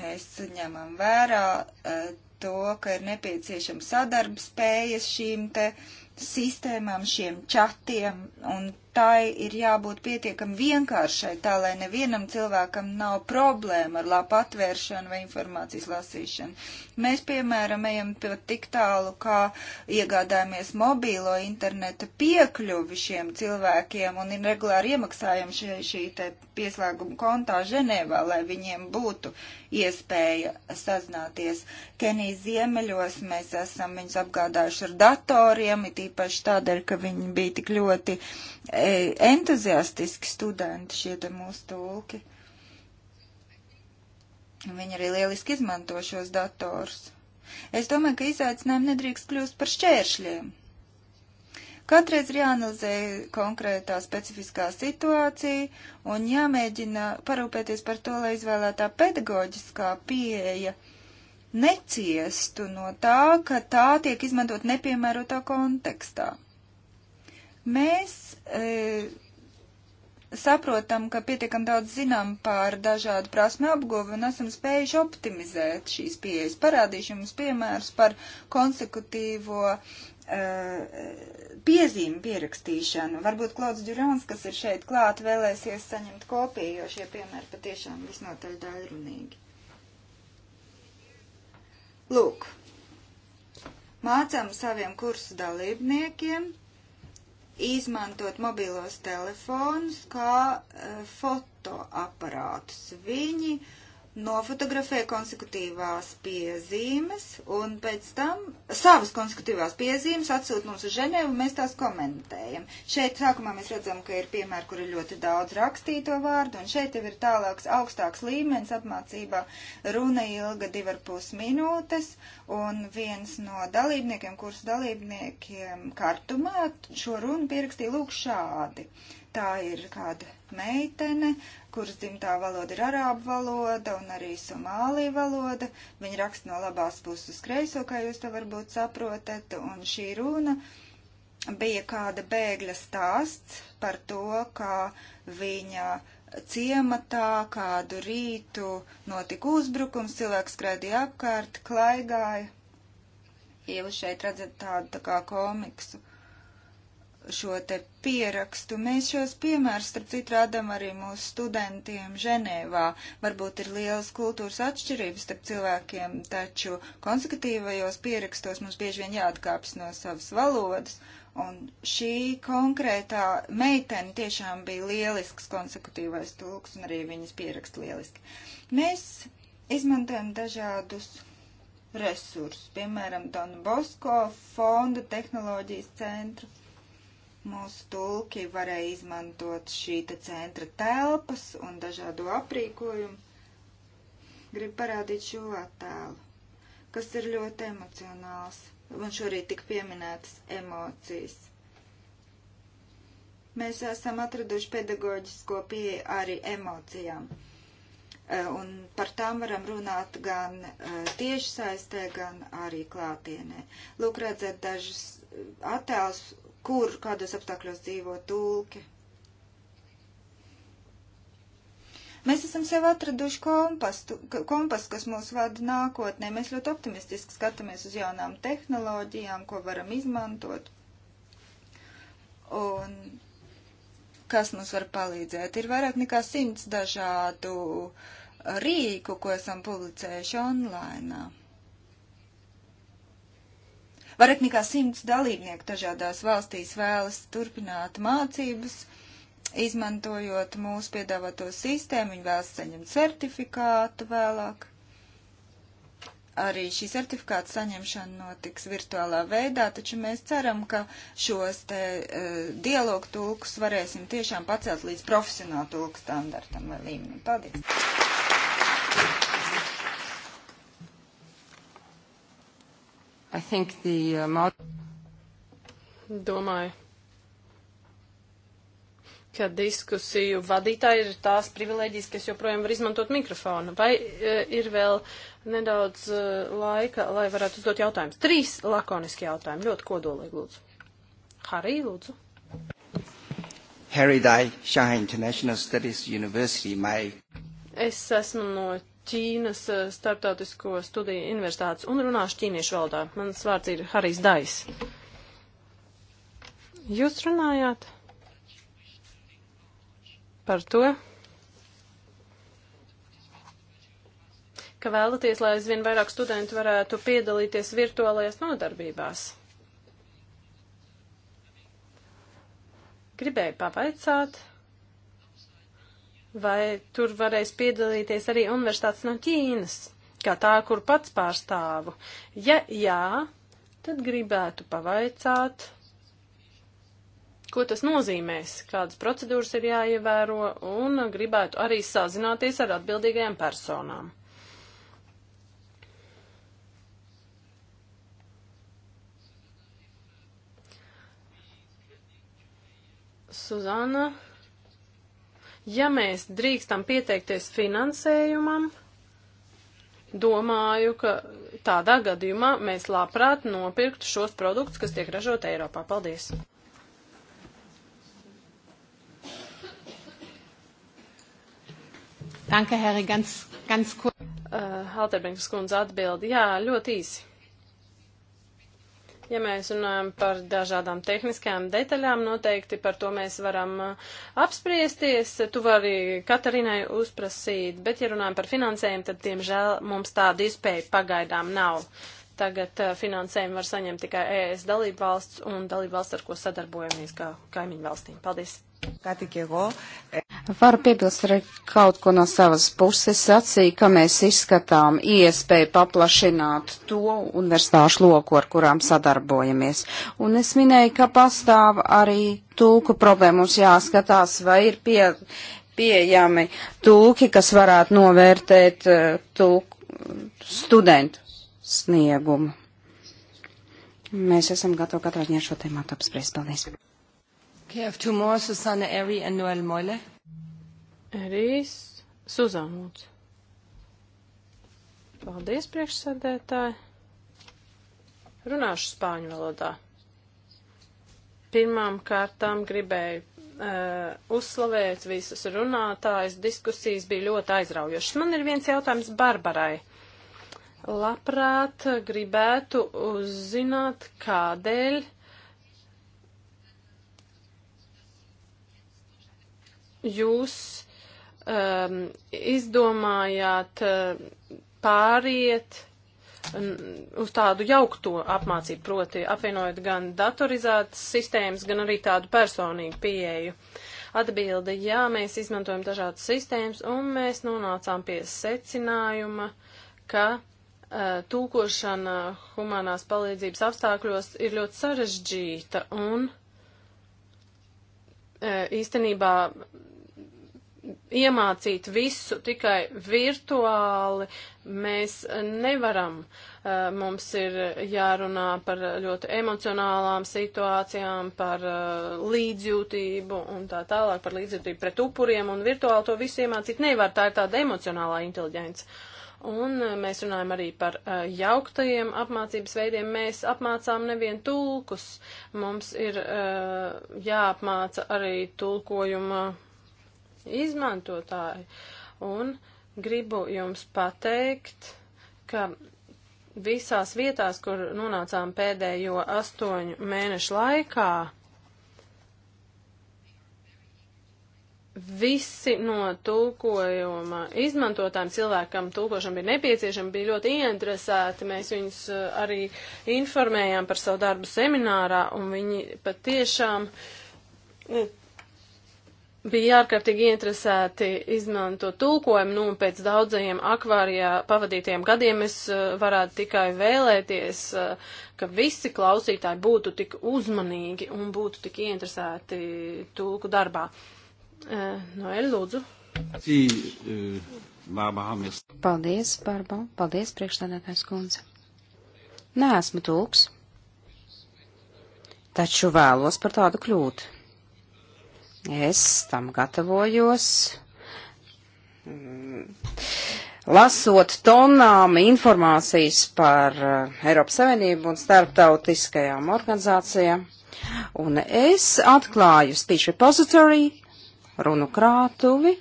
Mēs ņemam vērā e, to, ka ir nepieciešama sadarbspējas šīm te sistēmām, šiem čatiem un tai ir jābūt pietiekami vienkāršai, tā lai nevienam cilvēkam nav problēma ar lapu atvēršanu vai informācijas lasīšanu. Mēs, piemēram, ejam pat tik tālu, kā iegādājamies mobīlo interneta piekļuvi šiem cilvēkiem un regulāri iemaksājam šī, šī te pieslēguma kontā Ženēvā, lai viņiem būtu iespēja sazināties. Kenijas ziemeļos mēs esam viņus apgādājuši ar datoriem, it īpaši tādēļ, ka viņi bija tik ļoti e, entuziastiski studenti, šie te mūsu tulki. Viņi arī lieliski izmanto šos dators. Es domāju, ka izaicinājumi nedrīkst kļūst par šķēršļiem. Katreiz ir jāanalizē konkrētā specifiskā situācija un jāmēģina parūpēties par to, lai izvēlētā pedagoģiskā pieeja neciestu no tā, ka tā tiek izmantot nepiemērotā kontekstā. Mēs e, saprotam, ka pietiekam daudz zinām par dažādu prasme apguvu un esam spējuši optimizēt šīs pieejas. Parādīšu jums piemērus par konsekutīvo Uh, piezīmu pierakstīšanu. Varbūt Klauds Džurons, kas ir šeit klāt, vēlēsies saņemt kopiju, jo šie piemēri patiešām visnotaļ daļrunīgi. Lūk, mācām saviem kursu dalībniekiem izmantot mobilos telefonus kā uh, fotoaparātus. Viņi uh, nofotografē konsekutīvās piezīmes un pēc tam savas konsekutīvās piezīmes atsūt mums uz Ženevu, mēs tās komentējam. Šeit sākumā mēs redzam, ka ir piemēri, kur ir ļoti daudz rakstīto vārdu, un šeit jau ir tālāks augstāks līmenis apmācībā. Runa ilga divar pus minūtes, un viens no dalībniekiem, kursu dalībniekiem kartumā šo runu pierakstīja lūk šādi. Tā ir kāda meitene, kuras dzimtā valoda ir arābu valoda un arī somālī valoda. Viņi raksta no labās puses uz kreiso, kā jūs to varbūt saprotat, un šī runa bija kāda bēgļa stāsts par to, kā viņa ciematā kādu rītu notika uzbrukums, cilvēks skraidīja apkārt, klaigāja. Ja jūs šeit redzat tādu tā kā komiksu šo te pierakstu. Mēs šos piemērus, starp citu, rādam arī mūsu studentiem Ženēvā. Varbūt ir lielas kultūras atšķirības starp cilvēkiem, taču konsekutīvajos pierakstos mums bieži vien jāatkāpjas no savas valodas. Un šī konkrētā meitene tiešām bija lielisks konsekutīvais tulks un arī viņas pieraksts lieliski. Mēs izmantojam dažādus resursus, piemēram, Don Bosko fondu tehnoloģijas centru Mūsu tulki varēja izmantot šī te centra telpas un dažādo aprīkojumu. Gribu parādīt šo attēlu, kas ir ļoti emocionāls. Un šorīt tik pieminētas emocijas. Mēs esam atraduši pedagoģisko pieeju arī emocijām eh, un par tām varam runāt gan eh, tiešsaistē, gan arī klātienē. Lūk, redzēt dažus eh, attēlus, kur, kādos apstākļos dzīvo tulki. Mēs esam sev atraduši kompastu, kompastu, kas mūs vada nākotnē. Mēs ļoti optimistiski skatāmies uz jaunām tehnoloģijām, ko varam izmantot. Un kas mums var palīdzēt? Ir vairāk nekā simts dažādu rīku, ko esam publicējuši online. Vairāk nekā simts dalībnieku dažādās valstīs vēlas turpināt mācības, izmantojot mūsu piedāvāto sistēmu, viņi vēlas saņemt certifikātu vēlāk. Arī šī certifikāta saņemšana notiks virtuālā veidā, taču mēs ceram, ka šos te uh, dialogu tulkus varēsim tiešām pacelt līdz profesionālu tulku standartam vai līmenim. Paldies! I think the uh, Domāju, ka diskusiju vadītāji ir tās privilēģijas, kas joprojām var izmantot mikrofonu. Vai uh, ir vēl nedaudz uh, laika, lai varētu uzdot jautājumus? Trīs lakoniski jautājumi, ļoti kodolīgi lūdzu. Harī, lūdzu. Harry Dai, Shanghai International Studies University, my. Es esmu no Ķīnas eh, starptautisko studiju universitātes un runāšu ķīniešu valodā. Mans vārds ir Harijs Dais. Jūs runājāt par to, ka vēlaties, lai aizvien vairāk studentu varētu piedalīties virtuālajās nodarbībās. Gribēju pavaicāt, Vai tur varēs piedalīties arī universitātes no Ķīnas, kā tā, kur pats pārstāvu? Ja jā, tad gribētu pavaicāt, ko tas nozīmēs, kādas procedūras ir jāievēro, un gribētu arī sazināties ar atbildīgajām personām. Suzana. Ja mēs drīkstam pieteikties finansējumam, domāju, ka tādā gadījumā mēs labprāt nopirktu šos produktus, kas tiek ražot Eiropā. Paldies! Danke, Herri, ganz, ganz kurz. Cool. Uh, Halterbrinkas kundze atbildi, jā, ļoti īsi. Ja mēs runājam par dažādām tehniskajām detaļām, noteikti par to mēs varam uh, apspriesties. Tu vari Katarinai uzprasīt, bet ja runājam par finansējumu, tad, diemžēl, mums tāda iespēja pagaidām nav. Tagad uh, finansējumu var saņemt tikai ES dalību valsts un dalību valsts, ar ko sadarbojamies kā kaimiņu valstīm. Paldies! Kā tik iegū? Varu piebilst arī kaut ko no savas puses. Sacīja, ka mēs izskatām iespēju paplašināt to universitāšu loku, ar kurām sadarbojamies. Un es minēju, ka pastāv arī tūku problēma. Mums jāskatās, vai ir pie, pieejami tūki, kas varētu novērtēt eh, tūku studentu sniegumu. Mēs esam gatavi katrā ziņā šo tēmu apspriest. Paldies. Okay, I have two more, Susanna Eri and Noel Moyle. Rīs Suzamūts. Paldies, priekšsēdētāji. Runāšu spāņu valodā. Pirmām kārtām gribēju uh, uzslavēt visus runātājus. Diskusijas bija ļoti aizraujošas. Man ir viens jautājums Barbarai. Labprāt gribētu uzzināt, kādēļ jūs um, izdomājāt uh, pāriet uz tādu jaukto apmācību, proti apvienojot gan datorizētas sistēmas, gan arī tādu personīgu pieeju? Atbilde, jā, mēs izmantojam dažādas sistēmas, un mēs nonācām pie secinājuma, ka uh, tūkošana humanās palīdzības apstākļos ir ļoti sarežģīta un uh, īstenībā iemācīt visu tikai virtuāli mēs nevaram. Mums ir jārunā par ļoti emocionālām situācijām, par līdzjūtību un tā tālāk, par līdzjūtību pret upuriem, un virtuāli to visu iemācīt nevar. Tā ir tāda emocionālā inteliģence. Un mēs runājam arī par jauktajiem apmācības veidiem. Mēs apmācām nevien tulkus, mums ir jāapmāca arī tulkojuma izmantotāji. Un gribu jums pateikt, ka visās vietās, kur nonācām pēdējo astoņu mēnešu laikā, visi no tulkojuma izmantotājiem cilvēkam tulkošana bija nepieciešama, bija ļoti ieinteresēti. Mēs viņus eh, arī informējām par savu darbu seminārā, un viņi patiešām eh, bija ārkārtīgi interesēti izmantot tulkojumu, nu, un pēc daudzajiem akvārijā pavadītiem gadiem es eh, varētu tikai vēlēties, eh, ka visi klausītāji būtu tik uzmanīgi un būtu tik interesēti tulku darbā. Eh, Noeļ, lūdzu. Paldies, Barba. Paldies, priekšstādātājs kundze. Nē, esmu tulks. Taču vēlos par tādu kļūt. Es tam gatavojos. Lasot tonām informācijas par eh, Eiropas Savienību un starptautiskajām organizācijām, un es atklāju Speech Repository, runu krātuvi,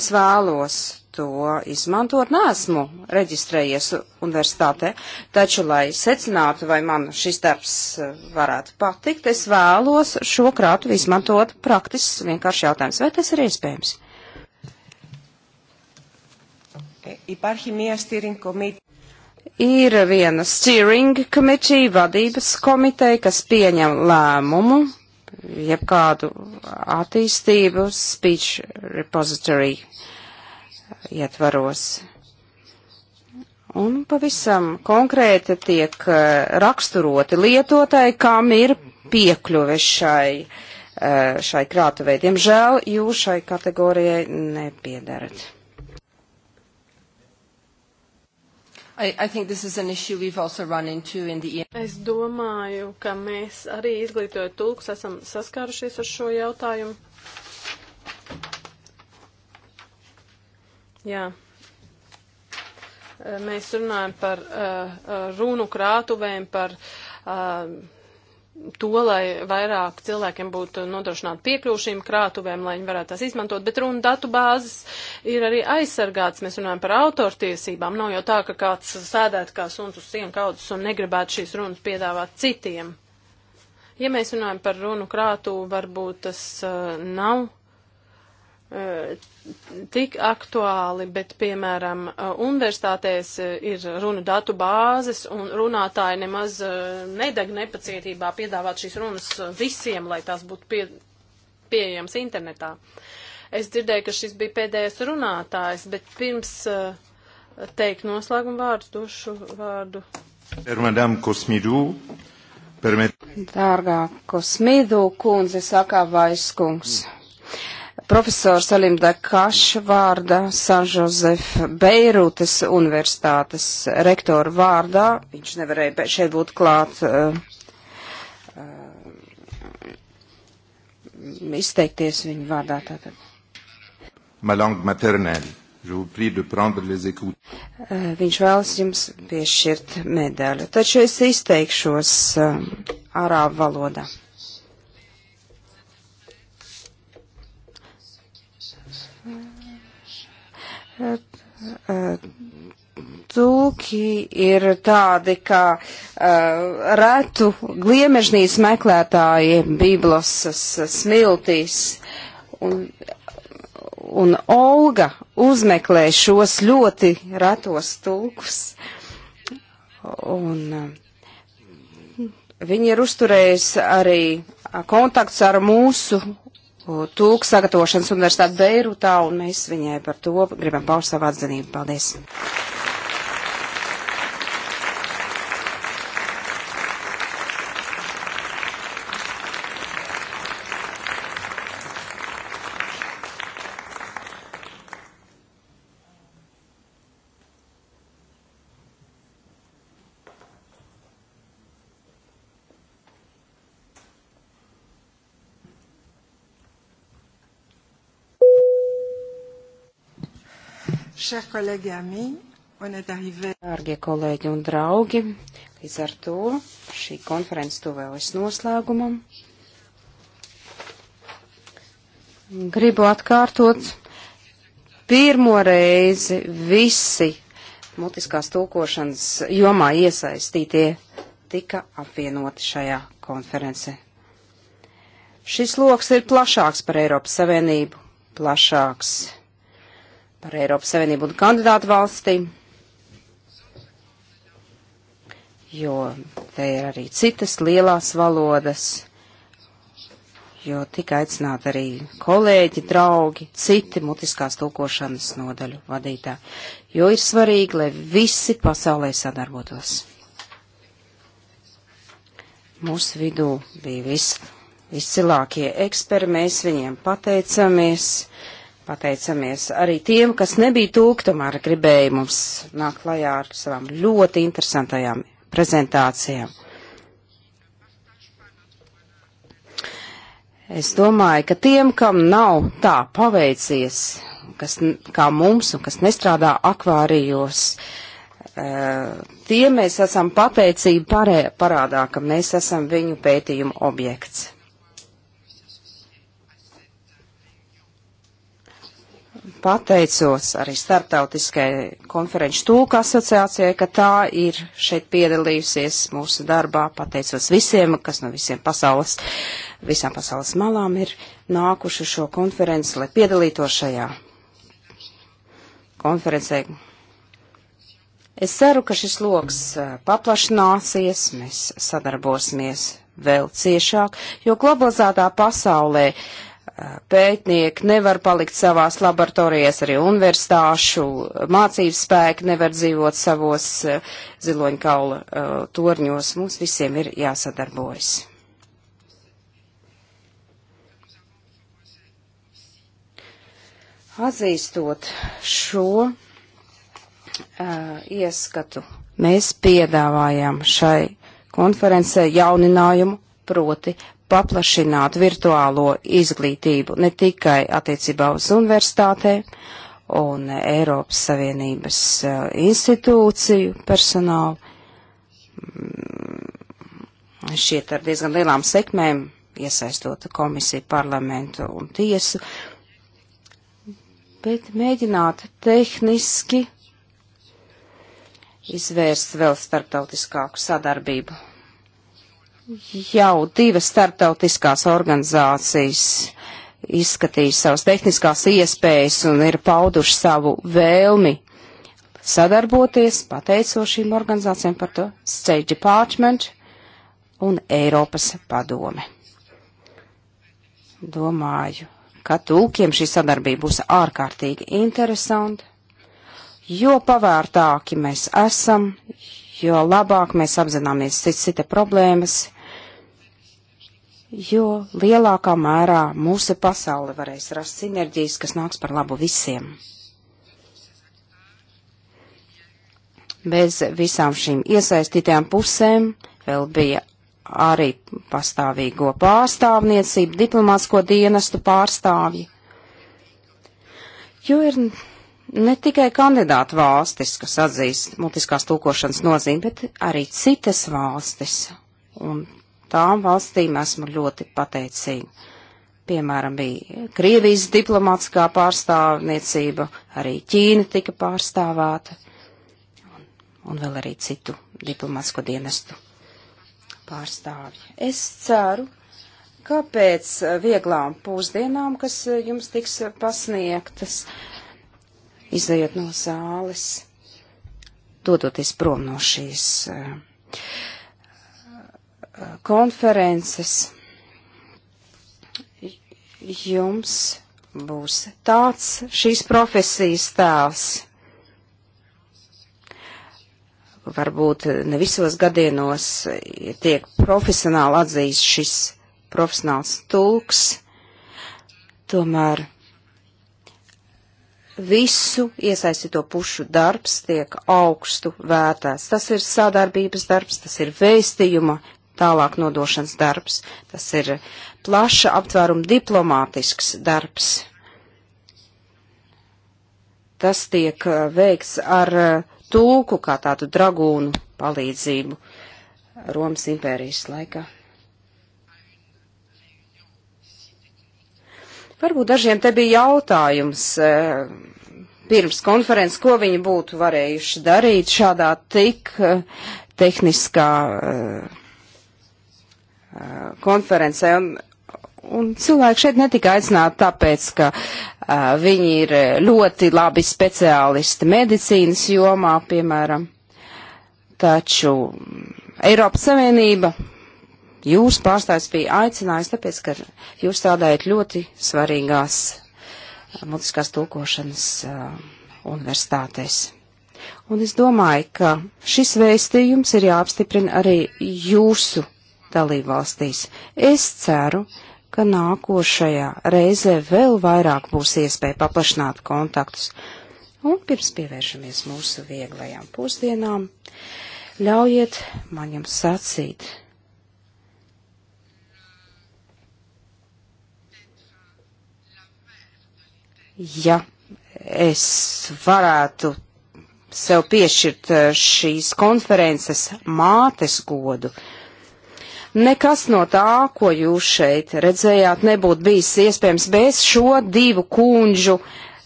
es vēlos to izmantot. Nesmu reģistrējies universitātē, taču, lai secinātu, vai man šis darbs eh, varētu patikt, es vēlos šo krātu izmantot praktisks vienkārši jautājums. Vai tas ir iespējams? Ir viena steering committee, vadības komiteja, kas pieņem lēmumu jebkādu attīstību speech repository ietvaros. Un pavisam konkrēti tiek eh, raksturoti lietotāji, kam ir piekļuve šai, eh, šai krātuvei. Diemžēl jūs šai kategorijai nepiedarat. I, I in the... E es domāju, ka mēs arī izglītojot tulkus esam saskārušies ar šo jautājumu. Jā. Mēs runājam par uh, runu krātuvēm, par uh, to, lai vairāk cilvēkiem būtu nodrošināta piekļuva šīm krātuvēm, lai viņi varētu tās izmantot, bet runa datu bāzes ir arī aizsargāts. Mēs runājam par autortiesībām. Nav jau tā, ka kāds sēdētu kā suns uz sienu kaudzes un negribētu šīs runas piedāvāt citiem. Ja mēs runājam par runu krātu, varbūt tas uh, nav Eh, tik aktuāli, bet, piemēram, eh, universitātēs eh, ir runu datu bāzes, un runātāji nemaz nedeg nepacietībā piedāvāt šīs runas visiem, lai tās būtu pie, pieejams internetā. Es dzirdēju, ka šis bija pēdējais runātājs, bet pirms teikt noslēgumu vārdus, došu vārdu. Dārgā Kosmīdu kundze, saka Vaiskungs. Mm profesora Salimda Kaša vārda, Sanžozef Beirūtes universitātes rektora vārdā. Viņš nevarēja šeit būt klāt uh, uh, izteikties viņa vārdā tātad. Ma langue maternelle. Je vous prie de prendre les écoutes. Uh, viņš vēlas jums piešķirt medaļu, taču es izteikšos uh, arābu valodā. Cūki ir tādi kā uh, retu gliemežnīs meklētāji Bībelosas smiltīs. Un, un Olga uzmeklē šos ļoti retos tulkus. Un uh, viņi ir uzturējis arī kontakts ar mūsu tūku sagatavošanas universitāti Beirutā, un mēs viņai par to gribam paust savu atzinību. Paldies! Dārgie kolēģi un draugi, līdz ar to šī konferences tuvēlas noslēgumam. Gribu atkārtot, pirmo reizi visi mutiskās tulkošanas jomā iesaistītie tika apvienoti šajā konferencē. Šis loks ir plašāks par Eiropas Savienību, plašāks par Eiropas Savienību un kandidātu valsti, jo te ir arī citas lielās valodas, jo tika aicināti arī kolēģi, draugi, citi mutiskās tulkošanas nodaļu vadītāji, jo ir svarīgi, lai visi pasaulē sadarbotos. Mūsu vidū bija viss izcilākie eksperi, mēs viņiem pateicamies, pateicamies arī tiem, kas nebija tūk, tomēr gribēja mums nākt klajā ar savām ļoti interesantajām prezentācijām. Es domāju, ka tiem, kam nav tā paveicies, kas, kā mums un kas nestrādā akvārijos, eh, tiem mēs esam pateicību parādā, ka mēs esam viņu pētījumu objekts. pateicos arī starptautiskai konferenču tūka asociācijai, ka tā ir šeit piedalījusies mūsu darbā, pateicos visiem, kas no visiem pasaules, visām pasaules malām ir nākuši šo konferenci, lai piedalītos šajā konferencē. Es ceru, ka šis loks paplašināsies, mēs sadarbosimies vēl ciešāk, jo globalizētā pasaulē uh, pētnieki nevar palikt savās laboratorijas, arī universitāšu mācības spēki nevar dzīvot savos eh, ziloņkaula uh, eh, torņos. Mums visiem ir jāsadarbojas. Atzīstot šo uh, ieskatu, mēs piedāvājām šai konferencē jauninājumu proti paplašināt virtuālo izglītību ne tikai attiecībā uz universitātē un Eiropas Savienības eh, institūciju personālu. Mm, Šiet ar diezgan lielām sekmēm, iesaistot komisiju, parlamentu un tiesu, bet mēģināt tehniski izvērst vēl starptautiskāku sadarbību jau divas starptautiskās organizācijas izskatījis savas tehniskās iespējas un ir pauduši savu vēlmi sadarboties, pateicošīm organizācijām par to State Department un Eiropas padome. Domāju, ka tulkiem šī sadarbība būs ārkārtīgi interesanta, jo pavērtāki mēs esam, jo labāk mēs apzināmies cits cita problēmas, jo lielākā mērā mūsu pasauli varēs rast sinerģijas, kas nāks par labu visiem. Bez visām šīm iesaistītajām pusēm vēl bija arī pastāvīgo pārstāvniecību, diplomātsko dienestu pārstāvji. Jo ir ne tikai kandidātu valstis, kas atzīst mutiskās tūkošanas nozīmi, bet arī citas valstis. Un tām valstīm esmu ļoti pateicīga. Piemēram, bija Krievijas diplomātskā pārstāvniecība, arī Ķīna tika pārstāvāta un, un vēl arī citu diplomātsko dienestu pārstāvju. Es ceru, ka pēc vieglām pusdienām, kas jums tiks pasniegtas, izējot no zāles, dodoties prom no šīs uh, konferences jums būs tāds šīs profesijas tēls. Varbūt ne visos gadienos tiek profesionāli atzīst šis profesionāls tulks, tomēr visu iesaistīto pušu darbs tiek augstu vērtēts. Tas ir sadarbības darbs, tas ir vēstījuma tālāk nodošanas darbs. Tas ir plaša aptvēruma diplomātisks darbs. Tas tiek eh, veikts ar eh, tulku kā tādu dragūnu palīdzību Romas impērijas laikā. Varbūt dažiem te bija jautājums eh, pirms konferences, ko viņi būtu varējuši darīt šādā tik tehniskā uh, Uh, konferencē. Un, un cilvēki šeit netika aicināti tāpēc, ka uh, viņi ir ļoti labi speciālisti medicīnas jomā, piemēram. Taču Eiropas Savienība jūs pārstāvis bija aicinājis, tāpēc, ka jūs strādājat ļoti svarīgās uh, mutiskās tulkošanas uh, universitātēs. Un es domāju, ka šis vēstījums ir jāapstiprina arī jūsu dalībvalstīs. Es ceru, ka nākošajā reizē vēl vairāk būs iespēja paplašināt kontaktus. Un pirms pievēršamies mūsu vieglajām pusdienām, ļaujiet man jums sacīt. Ja es varētu sev piešķirt eh, šīs konferences mātes godu, uh, Nekas no tā, ko jūs šeit redzējāt, nebūtu bijis iespējams bez šo divu kūņģu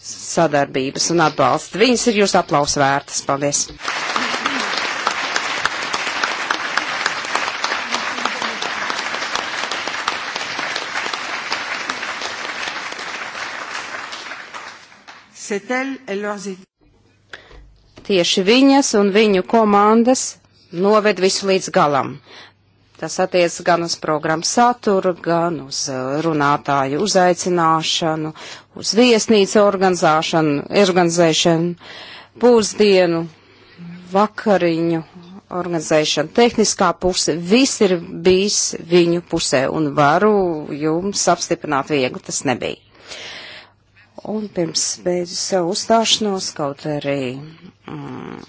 sadarbības un atbalsta. Viņas ir jūsu aplaus vērtas. Paldies! Tieši viņas un viņu komandas noved visu līdz galam. Tas attiec gan uz programmu saturu, gan uz eh, runātāju uzaicināšanu, uz viesnīcu organizēšanu, organizēšanu, pusdienu, vakariņu organizēšana, tehniskā puse, viss ir bijis viņu pusē un varu jums apstiprināt viegli, tas nebija. Un pirms beidzu savu uzstāšanos, kaut arī mm,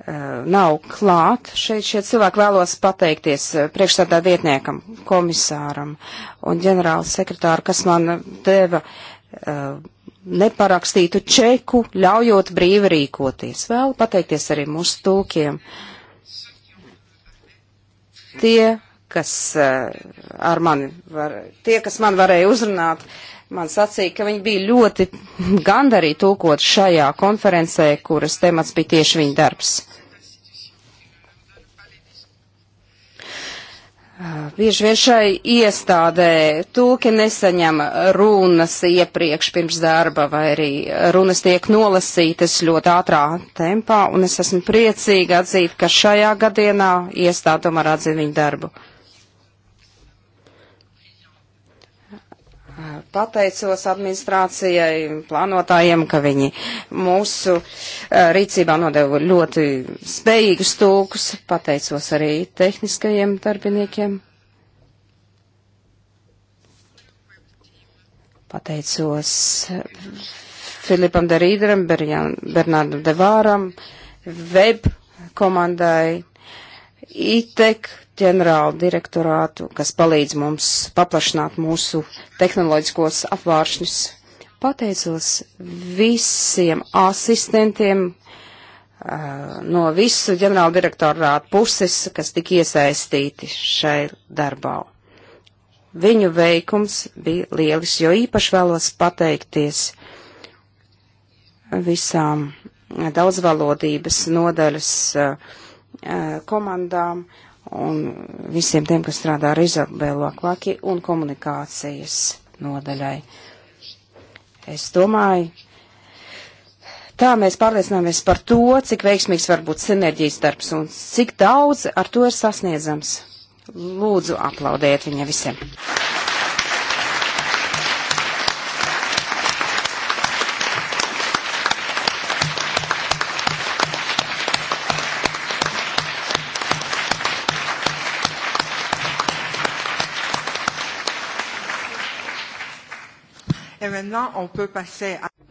Eh, nav klāt. Šeit šie cilvēki vēlos pateikties eh, priekšstādā vietniekam, komisāram un ģenerāla sekretāru, kas man deva uh, neparakstītu čeku, ļaujot brīvi rīkoties. Vēlu pateikties arī mūsu tulkiem. Tie, kas uh, ar mani var, tie, kas man varēja uzrunāt, man sacīja, ka viņi bija ļoti gandarīti tulkot šajā konferencē, kuras temats bija tieši viņa darbs. Ah, bieži vien šai iestādē tūki nesaņem runas iepriekš pirms darba, vai arī runas tiek nolasītas ļoti ātrā tempā, un es esmu priecīga atzīt, ka šajā gadienā iestāde tomēr atzina viņu darbu. pateicos administrācijai, plānotājiem, ka viņi mūsu eh, rīcībā nodeva ļoti spējīgus tūkus. Pateicos arī tehniskajiem darbiniekiem. Pateicos Filipam de Rīderam, Bernardam de Vāram, web komandai, ITEK ģenerālu direktorātu, kas palīdz mums paplašināt mūsu tehnoloģiskos apvāršņus. Pateicos visiem asistentiem no visu ģenerālu direktorātu puses, kas tik iesaistīti šai darbā. Viņu veikums bija lielis, jo īpaši vēlos pateikties visām daudzvalodības nodaļas uh, komandām un visiem tiem, kas strādā ar Izabelu Aklaki un komunikācijas nodaļai. Es domāju, tā mēs pārliecināmies par to, cik veiksmīgs var būt sinerģijas darbs un cik daudz ar to ir sasniedzams. Lūdzu, aplaudiet viņiem visiem!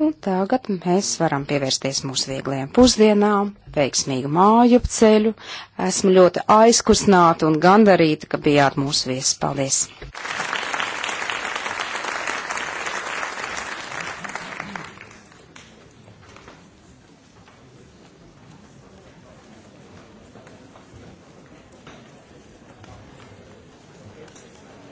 Un tagad mēs varam pievērsties mūsu vieglajām pusdienām, veiksmīgu māju ceļu. Esmu ļoti aizkustināta un gandarīta, ka bijāt mūsu viesi. Paldies!